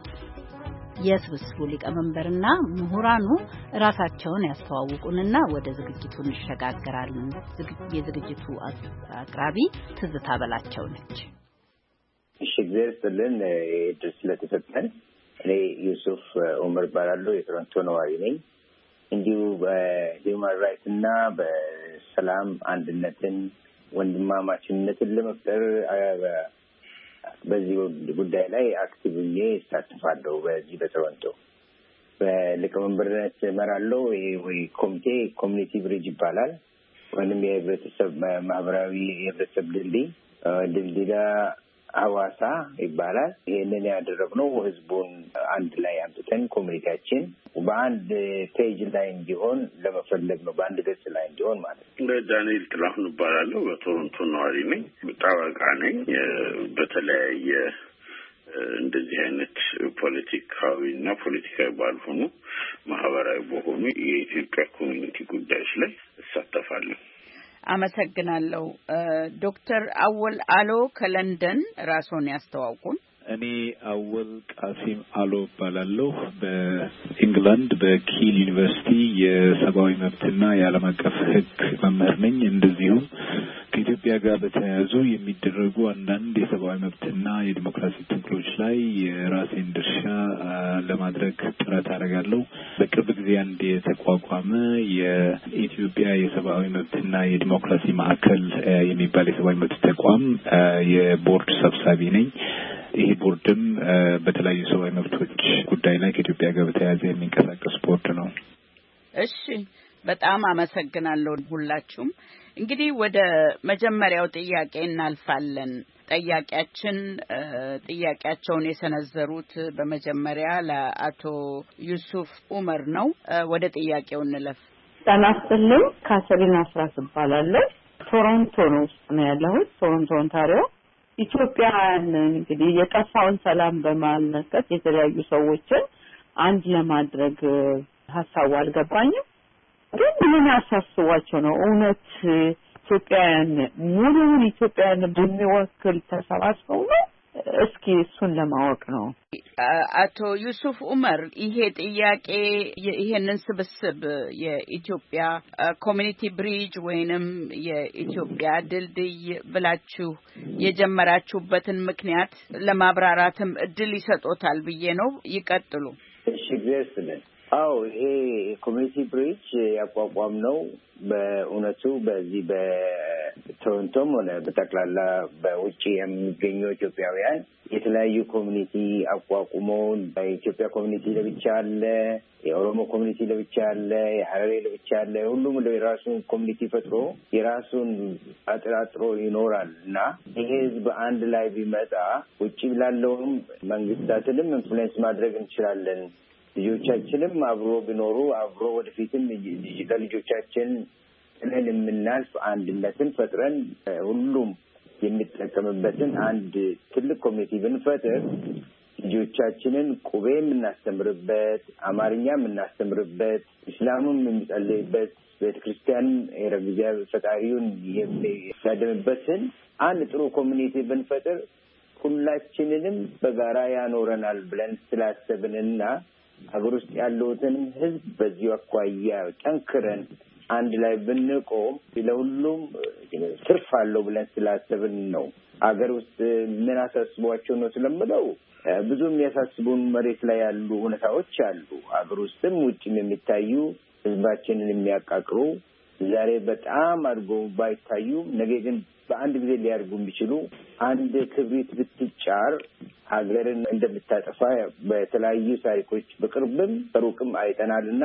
የስብስቡ ሊቀመንበርና ምሁራኑ ራሳቸውን ያስተዋውቁንና ወደ ዝግጅቱ እንሸጋገራለን። የዝግጅቱ አቅራቢ ትዝታ በላቸው ነች። እሺ፣ እግዚአብሔር ስልን ድል ስለተሰጠን። እኔ ዩሱፍ ኡምር እባላለሁ። የቶሮንቶ ነዋሪ ነኝ። እንዲሁ በሂውማን ራይትስ እና በሰላም አንድነትን፣ ወንድማማችነትን ለመፍጠር በዚህ ጉዳይ ላይ አክቲቭ ይሳተፋለሁ። በዚህ በቶሮንቶ በሊቀመንበርነት እመራለሁ። ወይ ኮሚቴ ኮሚኒቲ ብሪጅ ይባላል ወይም የህብረተሰብ ማህበራዊ የህብረተሰብ ድልድይ ድልድላ ሀዋሳ ይባላል። ይህንን ያደረግነው ህዝቡን አንድ ላይ አምጥተን ኮሚኒቲያችን በአንድ ፔጅ ላይ እንዲሆን ለመፈለግ ነው፣ በአንድ ገጽ ላይ እንዲሆን ማለት ነው። ዳንኤል ጥላሁን እባላለሁ። በቶሮንቶ ነዋሪ ነኝ። ጠበቃ ነኝ። በተለያየ እንደዚህ አይነት ፖለቲካዊ እና ፖለቲካዊ ባልሆኑ ማህበራዊ በሆኑ የኢትዮጵያ ኮሚኒቲ ጉዳዮች ላይ እሳተፋለሁ። አመሰግናለሁ። ዶክተር አወል አሎ ከለንደን ራስዎን ያስተዋውቁን። እኔ አወል ቃሲም አሎ እባላለሁ። በኢንግላንድ በኪል ዩኒቨርሲቲ የሰብአዊ መብትና የዓለም አቀፍ ሕግ መምህር ነኝ። እንደዚሁም ከኢትዮጵያ ጋር በተያያዙ የሚደረጉ አንዳንድ የሰብአዊ መብትና የዲሞክራሲ ትግሎች ላይ የራሴን ድርሻ ለማድረግ ጥረት አደርጋለሁ። በቅርብ ጊዜ አንድ የተቋቋመ የኢትዮጵያ የሰብአዊ መብትና የዲሞክራሲ ማዕከል የሚባል የሰብአዊ መብት ተቋም የቦርድ ሰብሳቢ ነኝ። ይሄ ቦርድም በተለያዩ ሰብአዊ መብቶች ጉዳይ ላይ ከኢትዮጵያ ጋር በተያያዘ የሚንቀሳቀስ ቦርድ ነው። እሺ፣ በጣም አመሰግናለሁ ሁላችሁም። እንግዲህ ወደ መጀመሪያው ጥያቄ እናልፋለን። ጠያቂያችን ጥያቄያቸውን የሰነዘሩት በመጀመሪያ ለአቶ ዩሱፍ ኡመር ነው። ወደ ጥያቄው እንለፍ። ጤና ይስጥልኝ። ካሰሪና ስራ ትባላለች። ቶሮንቶ ነው ውስጥ ነው ያለሁት፣ ቶሮንቶ ኦንታሪዮ ኢትዮጵያን እንግዲህ የጠፋውን ሰላም በማልነቀት የተለያዩ ሰዎችን አንድ ለማድረግ ሀሳቡ አልገባኝም። ግን ምን ያሳስቧቸው ነው እውነት ኢትዮጵያውያን ሙሉውን ኢትዮጵያውያን በሚወክል ተሰባስበው ነው እስኪ እሱን ለማወቅ ነው። አቶ ዩሱፍ ኡመር፣ ይሄ ጥያቄ ይሄንን ስብስብ የኢትዮጵያ ኮሚኒቲ ብሪጅ ወይንም የኢትዮጵያ ድልድይ ብላችሁ የጀመራችሁበትን ምክንያት ለማብራራትም እድል ይሰጦታል ብዬ ነው። ይቀጥሉ። እሺ፣ እግዚአብሔር ይስጥልን። አዎ ይሄ ኮሚኒቲ ብሪጅ ያቋቋም ነው። በእውነቱ በዚህ በቶሮንቶም ሆነ በጠቅላላ በውጭ የሚገኙ ኢትዮጵያውያን የተለያዩ ኮሚኒቲ አቋቁሞ የኢትዮጵያ ኮሚኒቲ ለብቻ አለ፣ የኦሮሞ ኮሚኒቲ ለብቻ አለ፣ የሀረሬ ለብቻ አለ። ሁሉም የራሱን ኮሚኒቲ ፈጥሮ የራሱን አጥራጥሮ ይኖራል እና ይሄ ህዝብ አንድ ላይ ቢመጣ ውጭ ላለውም መንግስታትንም ኢንፍሉዌንስ ማድረግ እንችላለን ልጆቻችንም አብሮ ቢኖሩ አብሮ ወደፊትም ልጆቻችን ጥለን የምናልፍ አንድነትን ፈጥረን ሁሉም የሚጠቀምበትን አንድ ትልቅ ኮሚኒቲ ብንፈጥር ልጆቻችንን ቁቤ የምናስተምርበት፣ አማርኛ የምናስተምርበት፣ እስላሙን የሚጸልይበት፣ ቤተክርስቲያን ረግዚያ ፈጣሪውን የሚሳደምበትን አንድ ጥሩ ኮሚኒቲ ብንፈጥር ሁላችንንም በጋራ ያኖረናል ብለን ስላሰብንና ሀገር ውስጥ ያለሁትን ህዝብ በዚሁ አኳያ ጠንክረን አንድ ላይ ብንቆም ለሁሉም ትርፍ አለው ብለን ስላሰብን ነው። ሀገር ውስጥ ምን አሳስቧቸው ነው ስለምለው ብዙ የሚያሳስቡን መሬት ላይ ያሉ ሁኔታዎች አሉ። ሀገር ውስጥም ውጭም የሚታዩ ህዝባችንን የሚያቃቅሩ ዛሬ በጣም አድርጎ ባይታዩም ነገ ግን በአንድ ጊዜ ሊያድጉ የሚችሉ አንድ ክብሪት ብትጫር ሀገርን እንደምታጠፋ በተለያዩ ታሪኮች በቅርብም በሩቅም አይተናልና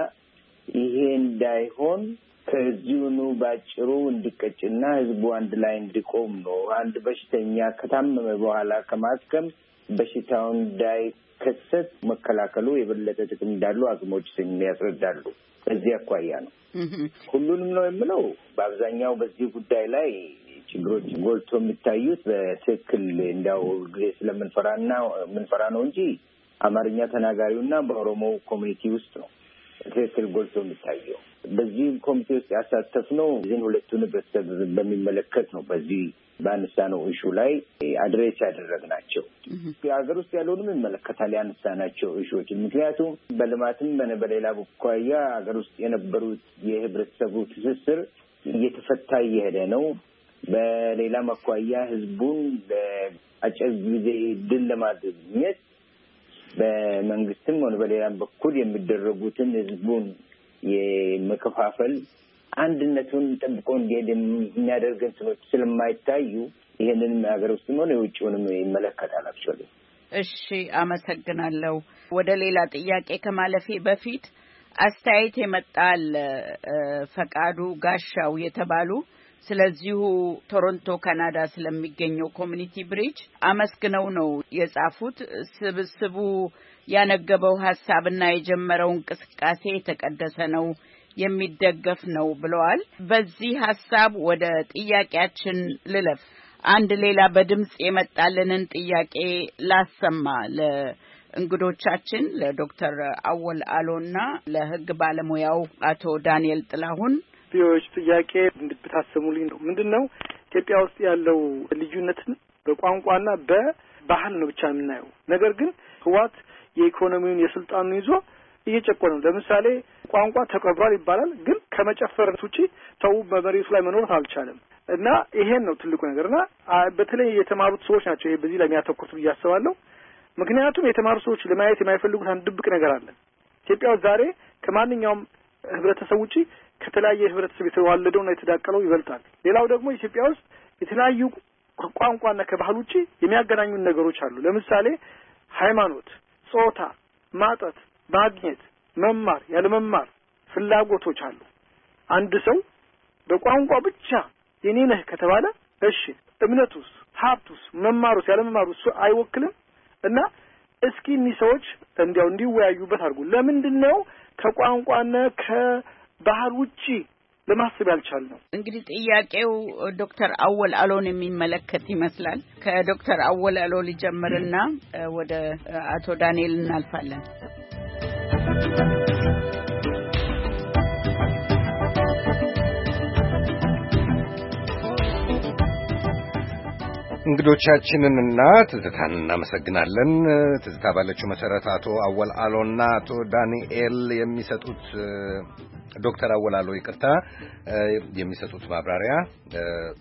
ይሄ እንዳይሆን ከዚሁኑ ባጭሩ እንዲቀጭና ህዝቡ አንድ ላይ እንዲቆም ነው። አንድ በሽተኛ ከታመመ በኋላ ከማከም በሽታው እንዳይከሰት መከላከሉ የበለጠ ጥቅም እንዳሉ ሐኪሞች ያስረዳሉ። እዚህ አኳያ ነው። ሁሉንም ነው የምለው። በአብዛኛው በዚህ ጉዳይ ላይ ችግሮች ጎልቶ የሚታዩት በትክክል እንዲያው ጊዜ ስለምንፈራና የምንፈራ ነው እንጂ አማርኛ ተናጋሪውና በኦሮሞ ኮሚኒቲ ውስጥ ነው ትክክል ጎልቶ የሚታየው። በዚህ ኮሚቴ ውስጥ ያሳተፍነው እዚህን ሁለቱን ህብረተሰብ በሚመለከት ነው በዚህ በአነሳነው እሹ ላይ አድሬስ ያደረግ ናቸው። ሀገር ውስጥ ያለውንም ይመለከታል ያነሳናቸው እሹዎችን። ምክንያቱም በልማትም በሌላ በኳያ ሀገር ውስጥ የነበሩት የህብረተሰቡ ትስስር እየተፈታ እየሄደ ነው። በሌላ መኳያ ህዝቡን በአጭር ጊዜ ድል ለማግኘት በመንግስትም ሆነ በሌላም በኩል የሚደረጉትን ህዝቡን የመከፋፈል አንድነቱን ጠብቆ እንዲሄድ የሚያደርግ እንትኖች ስለማይታዩ ይህንንም ሀገር ውስጥም ሆነ የውጭውንም ይመለከታል። አክቹዋሊ እሺ፣ አመሰግናለሁ። ወደ ሌላ ጥያቄ ከማለፌ በፊት አስተያየት የመጣል ፈቃዱ ጋሻው የተባሉ ስለዚሁ ቶሮንቶ ካናዳ ስለሚገኘው ኮሚኒቲ ብሪጅ አመስግነው ነው የጻፉት። ስብስቡ ያነገበው ሀሳብና የጀመረው እንቅስቃሴ የተቀደሰ ነው የሚደገፍ ነው ብለዋል። በዚህ ሀሳብ ወደ ጥያቄያችን ልለፍ። አንድ ሌላ በድምፅ የመጣልንን ጥያቄ ላሰማ ለእንግዶቻችን ለዶክተር አወል አሎና ለህግ ባለሙያው አቶ ዳንኤል ጥላሁን ዎች ጥያቄ እንድታሰሙልኝ ነው። ምንድን ነው ኢትዮጵያ ውስጥ ያለው ልዩነትን በቋንቋና በባህል ነው ብቻ የምናየው። ነገር ግን ህዋት የኢኮኖሚውን የስልጣኑን ይዞ እየጨቆነ ነው። ለምሳሌ ቋንቋ ተቀብሯል ይባላል፣ ግን ከመጨፈር ውጪ ሰው በመሬቱ ላይ መኖር አልቻለም። እና ይሄን ነው ትልቁ ነገር እና በተለይ የተማሩት ሰዎች ናቸው ይሄ በዚህ ላይ የሚያተኩሩት ብዬ አስባለሁ። ምክንያቱም የተማሩ ሰዎች ለማየት የማይፈልጉት አንድ ድብቅ ነገር አለ። ኢትዮጵያ ዛሬ ከማንኛውም ህብረተሰብ ውጪ ከተለያየ ህብረተሰብ የተዋለደውና የተዳቀለው ይበልጣል። ሌላው ደግሞ ኢትዮጵያ ውስጥ የተለያዩ ቋንቋና ከባህል ውጪ የሚያገናኙን ነገሮች አሉ። ለምሳሌ ሃይማኖት፣ ጾታ፣ ማጠት፣ ማግኘት፣ መማር፣ ያለመማር ፍላጎቶች አሉ። አንድ ሰው በቋንቋ ብቻ የኔ ነህ ከተባለ እሺ፣ እምነቱስ፣ ሀብቱስ፣ መማሩስ፣ ያለመማሩ እሱ አይወክልም እና እስኪ እኒህ ሰዎች እንዲያው እንዲወያዩበት አድርጉ። ለምንድን ነው ከቋንቋና ከባህል ውጪ ለማሰብ ያልቻል ነው? እንግዲህ ጥያቄው ዶክተር አወል አሎን የሚመለከት ይመስላል። ከዶክተር አወል አሎ ሊጀምርና ወደ አቶ ዳንኤል እናልፋለን። እንግዶቻችንንና ትዝታን እናመሰግናለን። ትዝታ ባለችው መሰረት አቶ አወል አሎና አቶ ዳንኤል የሚሰጡት ዶክተር አሎ ይቅርታ፣ የሚሰጡት ማብራሪያ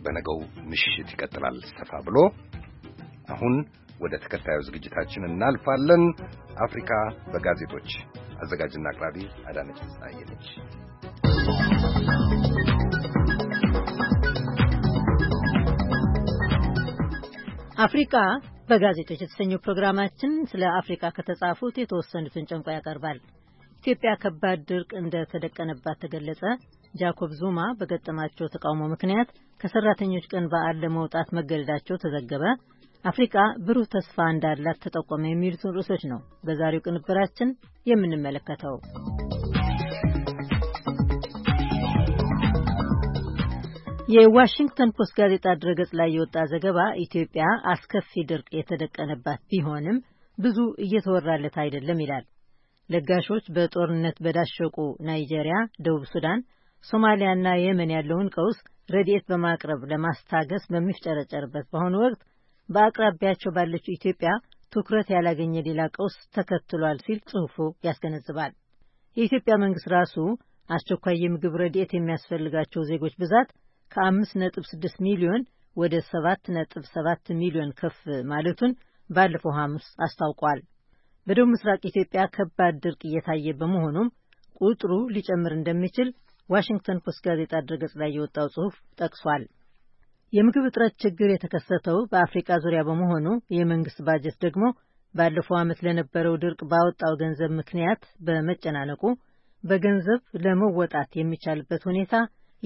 በነገው ምሽት ይቀጥላል ሰፋ ብሎ። አሁን ወደ ተከታዩ ዝግጅታችን እናልፋለን። አፍሪካ በጋዜጦች አዘጋጅና አቅራቢ አዳነች ሳየነች። አፍሪካ በጋዜጦች የተሰኘው ፕሮግራማችን ስለ አፍሪካ ከተጻፉት የተወሰኑትን ጨምቆ ያቀርባል። ኢትዮጵያ ከባድ ድርቅ እንደተደቀነባት ተገለጸ፣ ጃኮብ ዙማ በገጠማቸው ተቃውሞ ምክንያት ከሰራተኞች ቀን በዓል ለመውጣት መገደዳቸው ተዘገበ፣ አፍሪቃ ብሩህ ተስፋ እንዳላት ተጠቆመ የሚሉትን ርዕሶች ነው በዛሬው ቅንብራችን የምንመለከተው። የዋሽንግተን ፖስት ጋዜጣ ድረገጽ ላይ የወጣ ዘገባ ኢትዮጵያ አስከፊ ድርቅ የተደቀነባት ቢሆንም ብዙ እየተወራለት አይደለም ይላል። ለጋሾች በጦርነት በዳሸቁ ናይጄሪያ፣ ደቡብ ሱዳን፣ ሶማሊያና የመን ያለውን ቀውስ ረድኤት በማቅረብ ለማስታገስ በሚፍጨረጨርበት በአሁኑ ወቅት በአቅራቢያቸው ባለችው ኢትዮጵያ ትኩረት ያላገኘ ሌላ ቀውስ ተከትሏል ሲል ጽሑፉ ያስገነዝባል። የኢትዮጵያ መንግስት ራሱ አስቸኳይ የምግብ ረድኤት የሚያስፈልጋቸው ዜጎች ብዛት ከ5.6 ሚሊዮን ወደ 7.7 ሚሊዮን ከፍ ማለቱን ባለፈው ሐሙስ አስታውቋል። በደቡብ ምስራቅ ኢትዮጵያ ከባድ ድርቅ እየታየ በመሆኑም ቁጥሩ ሊጨምር እንደሚችል ዋሽንግተን ፖስት ጋዜጣ ድረገጽ ላይ የወጣው ጽሑፍ ጠቅሷል። የምግብ እጥረት ችግር የተከሰተው በአፍሪቃ ዙሪያ በመሆኑ የመንግስት ባጀት ደግሞ ባለፈው ዓመት ለነበረው ድርቅ ባወጣው ገንዘብ ምክንያት በመጨናነቁ በገንዘብ ለመወጣት የሚቻልበት ሁኔታ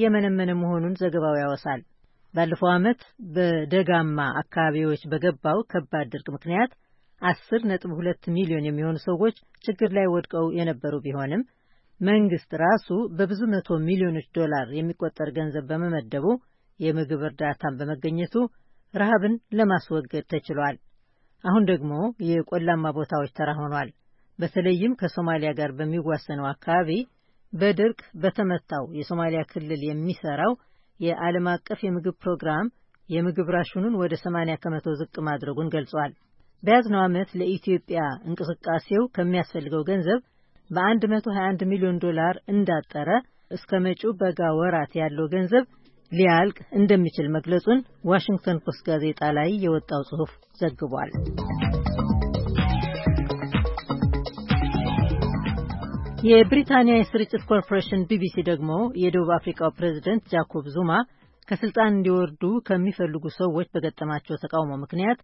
የመነመነ መሆኑን ዘገባው ያወሳል። ባለፈው ዓመት በደጋማ አካባቢዎች በገባው ከባድ ድርቅ ምክንያት ሁለት ሚሊዮን የሚሆኑ ሰዎች ችግር ላይ ወድቀው የነበሩ ቢሆንም መንግስት ራሱ በብዙ መቶ ሚሊዮኖች ዶላር የሚቆጠር ገንዘብ በመመደቡ የምግብ እርዳታን በመገኘቱ ረሃብን ለማስወገድ ተችሏል። አሁን ደግሞ የቆላማ ቦታዎች ተራ ሆኗል። በተለይም ከሶማሊያ ጋር በሚዋሰነው አካባቢ በድርቅ በተመታው የሶማሊያ ክልል የሚሰራው የዓለም አቀፍ የምግብ ፕሮግራም የምግብ ራሽኑን ወደ 80 ከመቶ ዝቅ ማድረጉን ገልጿል። በያዝነው ዓመት ለኢትዮጵያ እንቅስቃሴው ከሚያስፈልገው ገንዘብ በ121 ሚሊዮን ዶላር እንዳጠረ እስከ መጪው በጋ ወራት ያለው ገንዘብ ሊያልቅ እንደሚችል መግለጹን ዋሽንግተን ፖስት ጋዜጣ ላይ የወጣው ጽሑፍ ዘግቧል። የብሪታንያ የስርጭት ኮርፖሬሽን ቢቢሲ ደግሞ የደቡብ አፍሪካው ፕሬዝደንት ጃኮብ ዙማ ከስልጣን እንዲወርዱ ከሚፈልጉ ሰዎች በገጠማቸው ተቃውሞ ምክንያት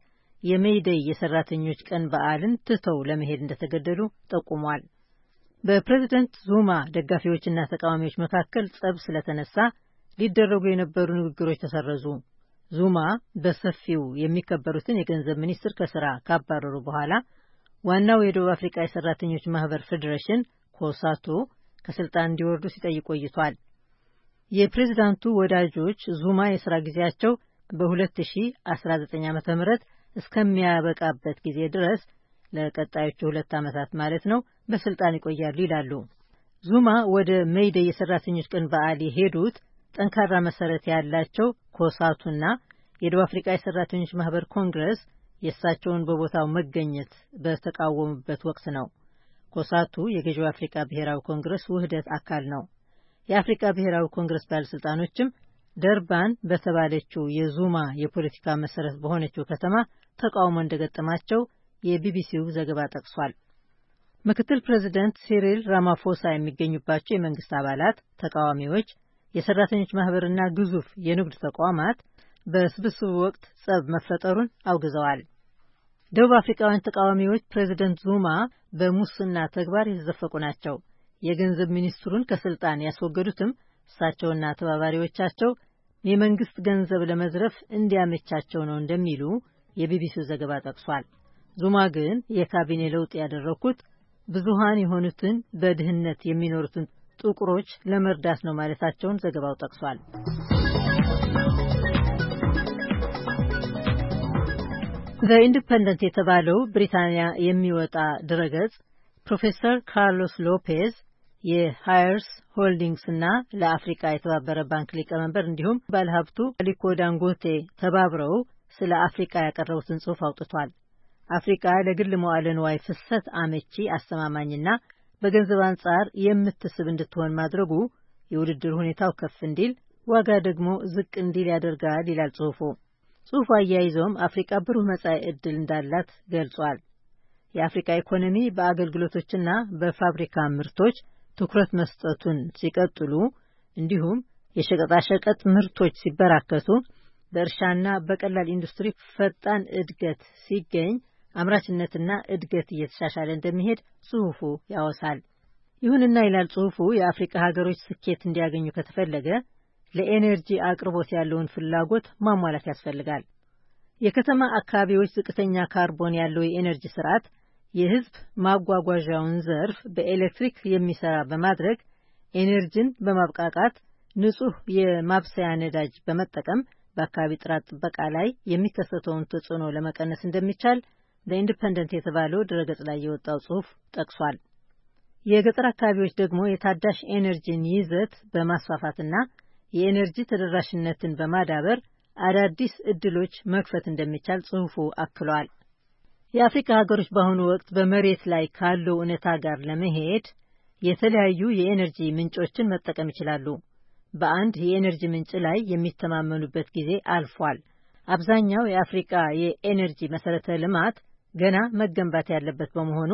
የሜይደይ የሰራተኞች ቀን በዓልን ትተው ለመሄድ እንደተገደዱ ጠቁሟል። በፕሬዝደንት ዙማ ደጋፊዎችና ተቃዋሚዎች መካከል ጸብ ስለተነሳ ሊደረጉ የነበሩ ንግግሮች ተሰረዙ። ዙማ በሰፊው የሚከበሩትን የገንዘብ ሚኒስትር ከስራ ካባረሩ በኋላ ዋናው የደቡብ አፍሪካ የሰራተኞች ማህበር ፌዴሬሽን ኮሳቶ ከስልጣን እንዲወርዱ ሲጠይቅ ቆይቷል። የፕሬዚዳንቱ ወዳጆች ዙማ የስራ ጊዜያቸው በ2019 ዓ ም እስከሚያበቃበት ጊዜ ድረስ ለቀጣዮቹ ሁለት ዓመታት ማለት ነው በስልጣን ይቆያሉ ይላሉ። ዙማ ወደ ሜይደይ የሰራተኞች ቀን በዓል የሄዱት ጠንካራ መሰረት ያላቸው ኮሳቱና የደቡብ አፍሪቃ የሰራተኞች ማህበር ኮንግረስ የእሳቸውን በቦታው መገኘት በተቃወሙበት ወቅት ነው። ኮሳቱ የገዢው አፍሪቃ ብሔራዊ ኮንግረስ ውህደት አካል ነው። የአፍሪቃ ብሔራዊ ኮንግረስ ባለሥልጣኖችም ደርባን በተባለችው የዙማ የፖለቲካ መሰረት በሆነችው ከተማ ተቃውሞ እንደገጠማቸው የቢቢሲው ዘገባ ጠቅሷል። ምክትል ፕሬዚደንት ሲሪል ራማፎሳ የሚገኙባቸው የመንግስት አባላት ተቃዋሚዎች የሰራተኞች ማህበርና ግዙፍ የንግድ ተቋማት በስብስቡ ወቅት ጸብ መፈጠሩን አውግዘዋል። ደቡብ አፍሪካውያን ተቃዋሚዎች ፕሬዚደንት ዙማ በሙስና ተግባር የተዘፈቁ ናቸው፣ የገንዘብ ሚኒስትሩን ከስልጣን ያስወገዱትም እሳቸውና ተባባሪዎቻቸው የመንግስት ገንዘብ ለመዝረፍ እንዲያመቻቸው ነው እንደሚሉ የቢቢሲው ዘገባ ጠቅሷል። ዙማ ግን የካቢኔ ለውጥ ያደረግኩት ብዙሃን የሆኑትን በድህነት የሚኖሩትን ጥቁሮች ለመርዳት ነው ማለታቸውን ዘገባው ጠቅሷል። በኢንዲፐንደንት የተባለው ብሪታንያ የሚወጣ ድረገጽ ፕሮፌሰር ካርሎስ ሎፔዝ የሃየርስ ሆልዲንግስ እና ለአፍሪቃ የተባበረ ባንክ ሊቀመንበር እንዲሁም ባለሀብቱ አሊኮ ዳንጎቴ ተባብረው ስለ አፍሪቃ ያቀረቡትን ጽሑፍ አውጥቷል። አፍሪቃ ለግል መዋለ ንዋይ ፍሰት አመቺ፣ አስተማማኝና በገንዘብ አንጻር የምትስብ እንድትሆን ማድረጉ የውድድር ሁኔታው ከፍ እንዲል፣ ዋጋ ደግሞ ዝቅ እንዲል ያደርጋል ይላል ጽሑፉ። ጽሑፉ አያይዞም አፍሪቃ ብሩህ መጻኢ ዕድል እንዳላት ገልጿል። የአፍሪቃ ኢኮኖሚ በአገልግሎቶችና በፋብሪካ ምርቶች ትኩረት መስጠቱን ሲቀጥሉ እንዲሁም የሸቀጣሸቀጥ ምርቶች ሲበራከቱ በእርሻና በቀላል ኢንዱስትሪ ፈጣን እድገት ሲገኝ አምራችነትና እድገት እየተሻሻለ እንደሚሄድ ጽሑፉ ያወሳል። ይሁንና ይላል ጽሑፉ፣ የአፍሪቃ ሀገሮች ስኬት እንዲያገኙ ከተፈለገ ለኤነርጂ አቅርቦት ያለውን ፍላጎት ማሟላት ያስፈልጋል። የከተማ አካባቢዎች ዝቅተኛ ካርቦን ያለው የኤነርጂ ስርዓት የህዝብ ማጓጓዣውን ዘርፍ በኤሌክትሪክ የሚሰራ በማድረግ ኤነርጂን በማብቃቃት ንጹህ የማብሰያ ነዳጅ በመጠቀም በአካባቢ ጥራት ጥበቃ ላይ የሚከሰተውን ተጽዕኖ ለመቀነስ እንደሚቻል በኢንዲፐንደንት የተባለው ድረገጽ ላይ የወጣው ጽሑፍ ጠቅሷል። የገጠር አካባቢዎች ደግሞ የታዳሽ ኤነርጂን ይዘት በማስፋፋትና የኤነርጂ ተደራሽነትን በማዳበር አዳዲስ እድሎች መክፈት እንደሚቻል ጽሑፉ አክሏል። የአፍሪካ ሀገሮች በአሁኑ ወቅት በመሬት ላይ ካለው እውነታ ጋር ለመሄድ የተለያዩ የኤነርጂ ምንጮችን መጠቀም ይችላሉ። በአንድ የኤነርጂ ምንጭ ላይ የሚተማመኑበት ጊዜ አልፏል። አብዛኛው የአፍሪቃ የኤነርጂ መሰረተ ልማት ገና መገንባት ያለበት በመሆኑ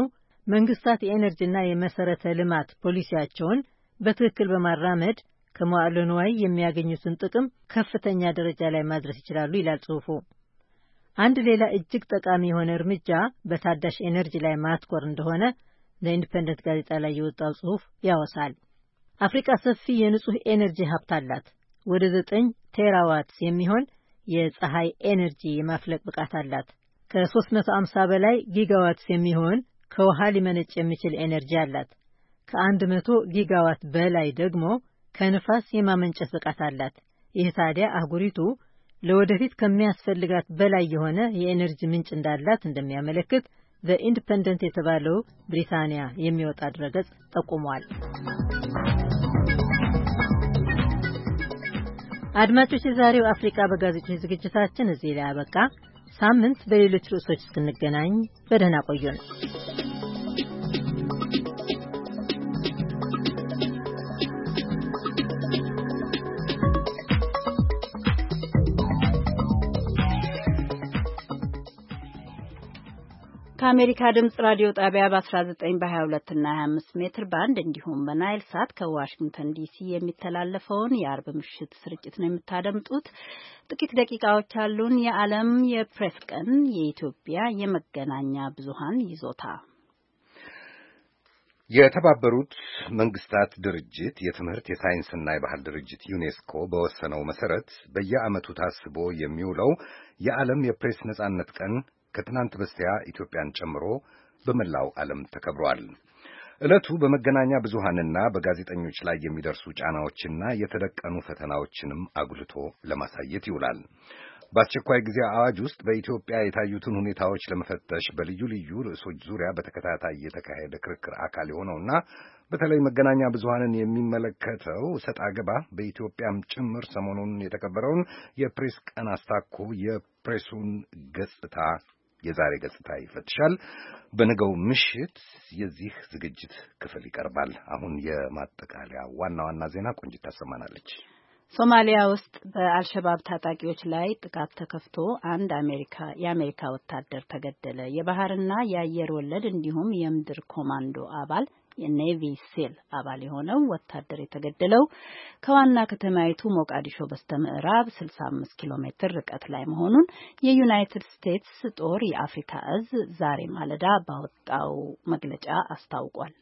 መንግስታት የኤነርጂና የመሰረተ ልማት ፖሊሲያቸውን በትክክል በማራመድ ከመዋዕለ ንዋይ የሚያገኙትን ጥቅም ከፍተኛ ደረጃ ላይ ማድረስ ይችላሉ ይላል ጽሑፉ። አንድ ሌላ እጅግ ጠቃሚ የሆነ እርምጃ በታዳሽ ኤነርጂ ላይ ማትኮር እንደሆነ ለኢንዲፐንደንት ጋዜጣ ላይ የወጣው ጽሑፍ ያወሳል። አፍሪቃ ሰፊ የንጹህ ኤነርጂ ሀብት አላት። ወደ ዘጠኝ ቴራዋትስ የሚሆን የፀሐይ ኤነርጂ የማፍለቅ ብቃት አላት። ከ350 በላይ ጊጋዋትስ የሚሆን ከውሃ ሊመነጭ የሚችል ኤነርጂ አላት። ከ100 ጊጋዋት በላይ ደግሞ ከንፋስ የማመንጨት ብቃት አላት። ይህ ታዲያ አህጉሪቱ ለወደፊት ከሚያስፈልጋት በላይ የሆነ የኤነርጂ ምንጭ እንዳላት እንደሚያመለክት በኢንዲፐንደንት የተባለው ብሪታንያ የሚወጣ ድረገጽ ጠቁሟል። አድማጮች፣ የዛሬው አፍሪቃ በጋዜጦች ዝግጅታችን እዚህ ላይ አበቃ። ሳምንት በሌሎች ርዕሶች እስክንገናኝ በደህና ቆዩን። ከአሜሪካ ድምፅ ራዲዮ ጣቢያ በ19 በ22 እና 25 ሜትር ባንድ እንዲሁም በናይል ሳት ከዋሽንግተን ዲሲ የሚተላለፈውን የአርብ ምሽት ስርጭት ነው የምታደምጡት። ጥቂት ደቂቃዎች አሉን የዓለም የፕሬስ ቀን የኢትዮጵያ የመገናኛ ብዙሃን ይዞታ የተባበሩት መንግስታት ድርጅት የትምህርት የሳይንስና የባህል ድርጅት ዩኔስኮ በወሰነው መሰረት በየዓመቱ ታስቦ የሚውለው የዓለም የፕሬስ ነጻነት ቀን ከትናንት በስቲያ ኢትዮጵያን ጨምሮ በመላው ዓለም ተከብሯል። ዕለቱ በመገናኛ ብዙሃንና በጋዜጠኞች ላይ የሚደርሱ ጫናዎችና የተደቀኑ ፈተናዎችንም አጉልቶ ለማሳየት ይውላል። በአስቸኳይ ጊዜ አዋጅ ውስጥ በኢትዮጵያ የታዩትን ሁኔታዎች ለመፈተሽ በልዩ ልዩ ርዕሶች ዙሪያ በተከታታይ የተካሄደ ክርክር አካል የሆነውና በተለይ መገናኛ ብዙሃንን የሚመለከተው ሰጥ አገባ በኢትዮጵያም ጭምር ሰሞኑን የተከበረውን የፕሬስ ቀን አስታኮ የፕሬሱን ገጽታ የዛሬ ገጽታ ይፈትሻል። በነገው ምሽት የዚህ ዝግጅት ክፍል ይቀርባል። አሁን የማጠቃለያ ዋና ዋና ዜና ቆንጅት ታሰማናለች። ሶማሊያ ውስጥ በአልሸባብ ታጣቂዎች ላይ ጥቃት ተከፍቶ አንድ አሜሪካ የአሜሪካ ወታደር ተገደለ። የባህርና የአየር ወለድ እንዲሁም የምድር ኮማንዶ አባል የኔቪ ሴል አባል የሆነው ወታደር የተገደለው ከዋና ከተማይቱ ሞቃዲሾ በስተ ምዕራብ 65 ኪሎ ሜትር ርቀት ላይ መሆኑን የዩናይትድ ስቴትስ ጦር የአፍሪካ እዝ ዛሬ ማለዳ ባወጣው መግለጫ አስታውቋል።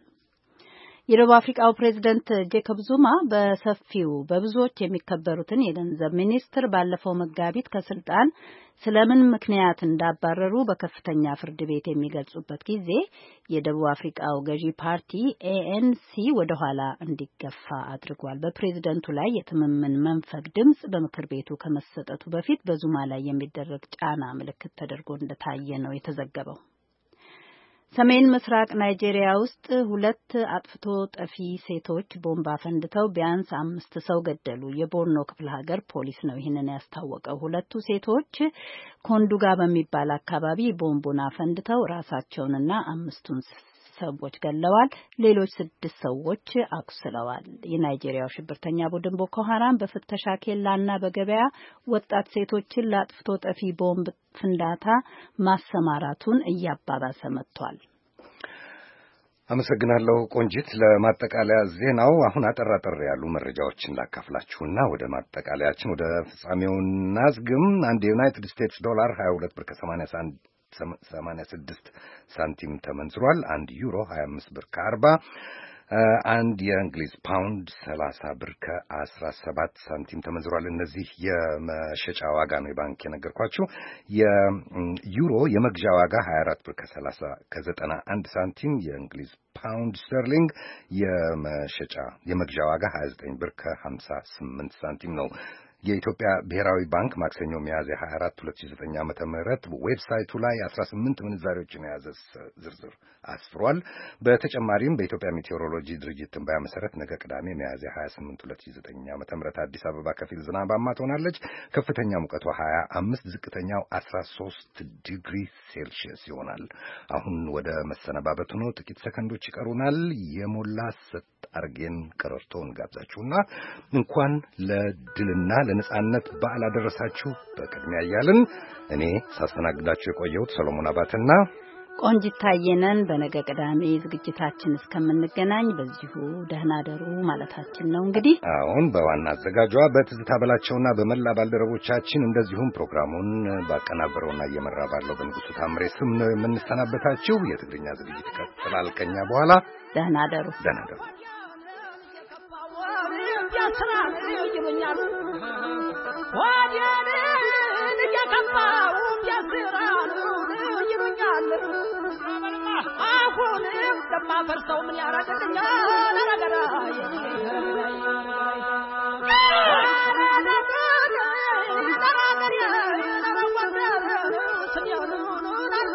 የደቡብ አፍሪካው ፕሬዝደንት ጄኮብ ዙማ በሰፊው በብዙዎች የሚከበሩትን የገንዘብ ሚኒስትር ባለፈው መጋቢት ከስልጣን ስለምን ምክንያት እንዳባረሩ በከፍተኛ ፍርድ ቤት የሚገልጹበት ጊዜ የደቡብ አፍሪካው ገዢ ፓርቲ ኤኤንሲ ወደ ኋላ እንዲገፋ አድርጓል። በፕሬዝደንቱ ላይ የትምምን መንፈግ ድምፅ በምክር ቤቱ ከመሰጠቱ በፊት በዙማ ላይ የሚደረግ ጫና ምልክት ተደርጎ እንደታየ ነው የተዘገበው። ሰሜን ምስራቅ ናይጄሪያ ውስጥ ሁለት አጥፍቶ ጠፊ ሴቶች ቦምብ አፈንድተው ቢያንስ አምስት ሰው ገደሉ። የቦርኖ ክፍለ ሀገር ፖሊስ ነው ይህንን ያስታወቀው። ሁለቱ ሴቶች ኮንዱጋ በሚባል አካባቢ ቦምቡን አፈንድተው ራሳቸውንና አምስቱን ሰዎች ገለዋል፣ ሌሎች ስድስት ሰዎች አቁስለዋል። የናይጄሪያው ሽብርተኛ ቡድን ቦኮ ሀራም በፍተሻ ኬላና በገበያ ወጣት ሴቶችን ለአጥፍቶ ጠፊ ቦምብ ፍንዳታ ማሰማራቱን እያባባሰ መጥቷል። አመሰግናለሁ ቆንጂት። ለማጠቃለያ ዜናው አሁን አጠራጠር ያሉ መረጃዎችን ላካፍላችሁና ወደ ማጠቃለያችን ወደ ፍጻሜው እናዝግም። አንድ የዩናይትድ ስቴትስ ዶላር 22 ብር ከ81 86 ሳንቲም ተመንዝሯል። አንድ ዩሮ 25 ብር ከ40 አንድ የእንግሊዝ ፓውንድ 30 ብር ከ17 ሳንቲም ተመንዝሯል። እነዚህ የመሸጫ ዋጋ ነው የባንክ የነገርኳችሁ። የዩሮ የመግዣ ዋጋ 24 ብር ከ30 ከ91 ሳንቲም፣ የእንግሊዝ ፓውንድ ስተርሊንግ የመሸጫ የመግዣ ዋጋ 29 ብር ከ58 ሳንቲም ነው። የኢትዮጵያ ብሔራዊ ባንክ ማክሰኞ ሚያዝያ 24 2009 ዓ ም ዌብሳይቱ ላይ 18 ምንዛሪዎችን የያዘ ዝርዝር አስፍሯል። በተጨማሪም በኢትዮጵያ ሜቴዎሮሎጂ ድርጅት ትንበያ መሰረት ነገ ቅዳሜ ሚያዝያ 28 2009 ዓ ም አዲስ አበባ ከፊል ዝናባማ ትሆናለች። ከፍተኛ ሙቀቷ 25፣ ዝቅተኛው 13 ዲግሪ ሴልሺየስ ይሆናል። አሁን ወደ መሰነባበቱ ነው። ጥቂት ሰከንዶች ይቀሩናል። የሞላ አርጌን ቀረርቶን ጋብዛችሁና እንኳን ለድልና ለነጻነት በዓል አደረሳችሁ በቅድሚያ እያልን እኔ ሳስተናግዳችሁ የቆየሁት ሰሎሞን አባትና ቆንጂት ታየነን በነገ ቅዳሜ ዝግጅታችን እስከምንገናኝ በዚሁ ደህና ደሩ ማለታችን ነው። እንግዲህ አሁን በዋና አዘጋጇ በትዝታ በላቸውና በመላ ባልደረቦቻችን እንደዚሁም ፕሮግራሙን ባቀናበረውና እየመራ ባለው በንጉሱ ታምሬ ስም ነው የምንሰናበታችሁ። የትግርኛ ዝግጅት ቀጥላል። ከኛ በኋላ። ደህና ደሩ። ደህና ደሩ። እያስራ ይብኛል ወዴንን እያቀባው እያስራሉ ይሉኛል። አሁንም ለማፈርሰው ምን ያረግልኛል? ረገራይ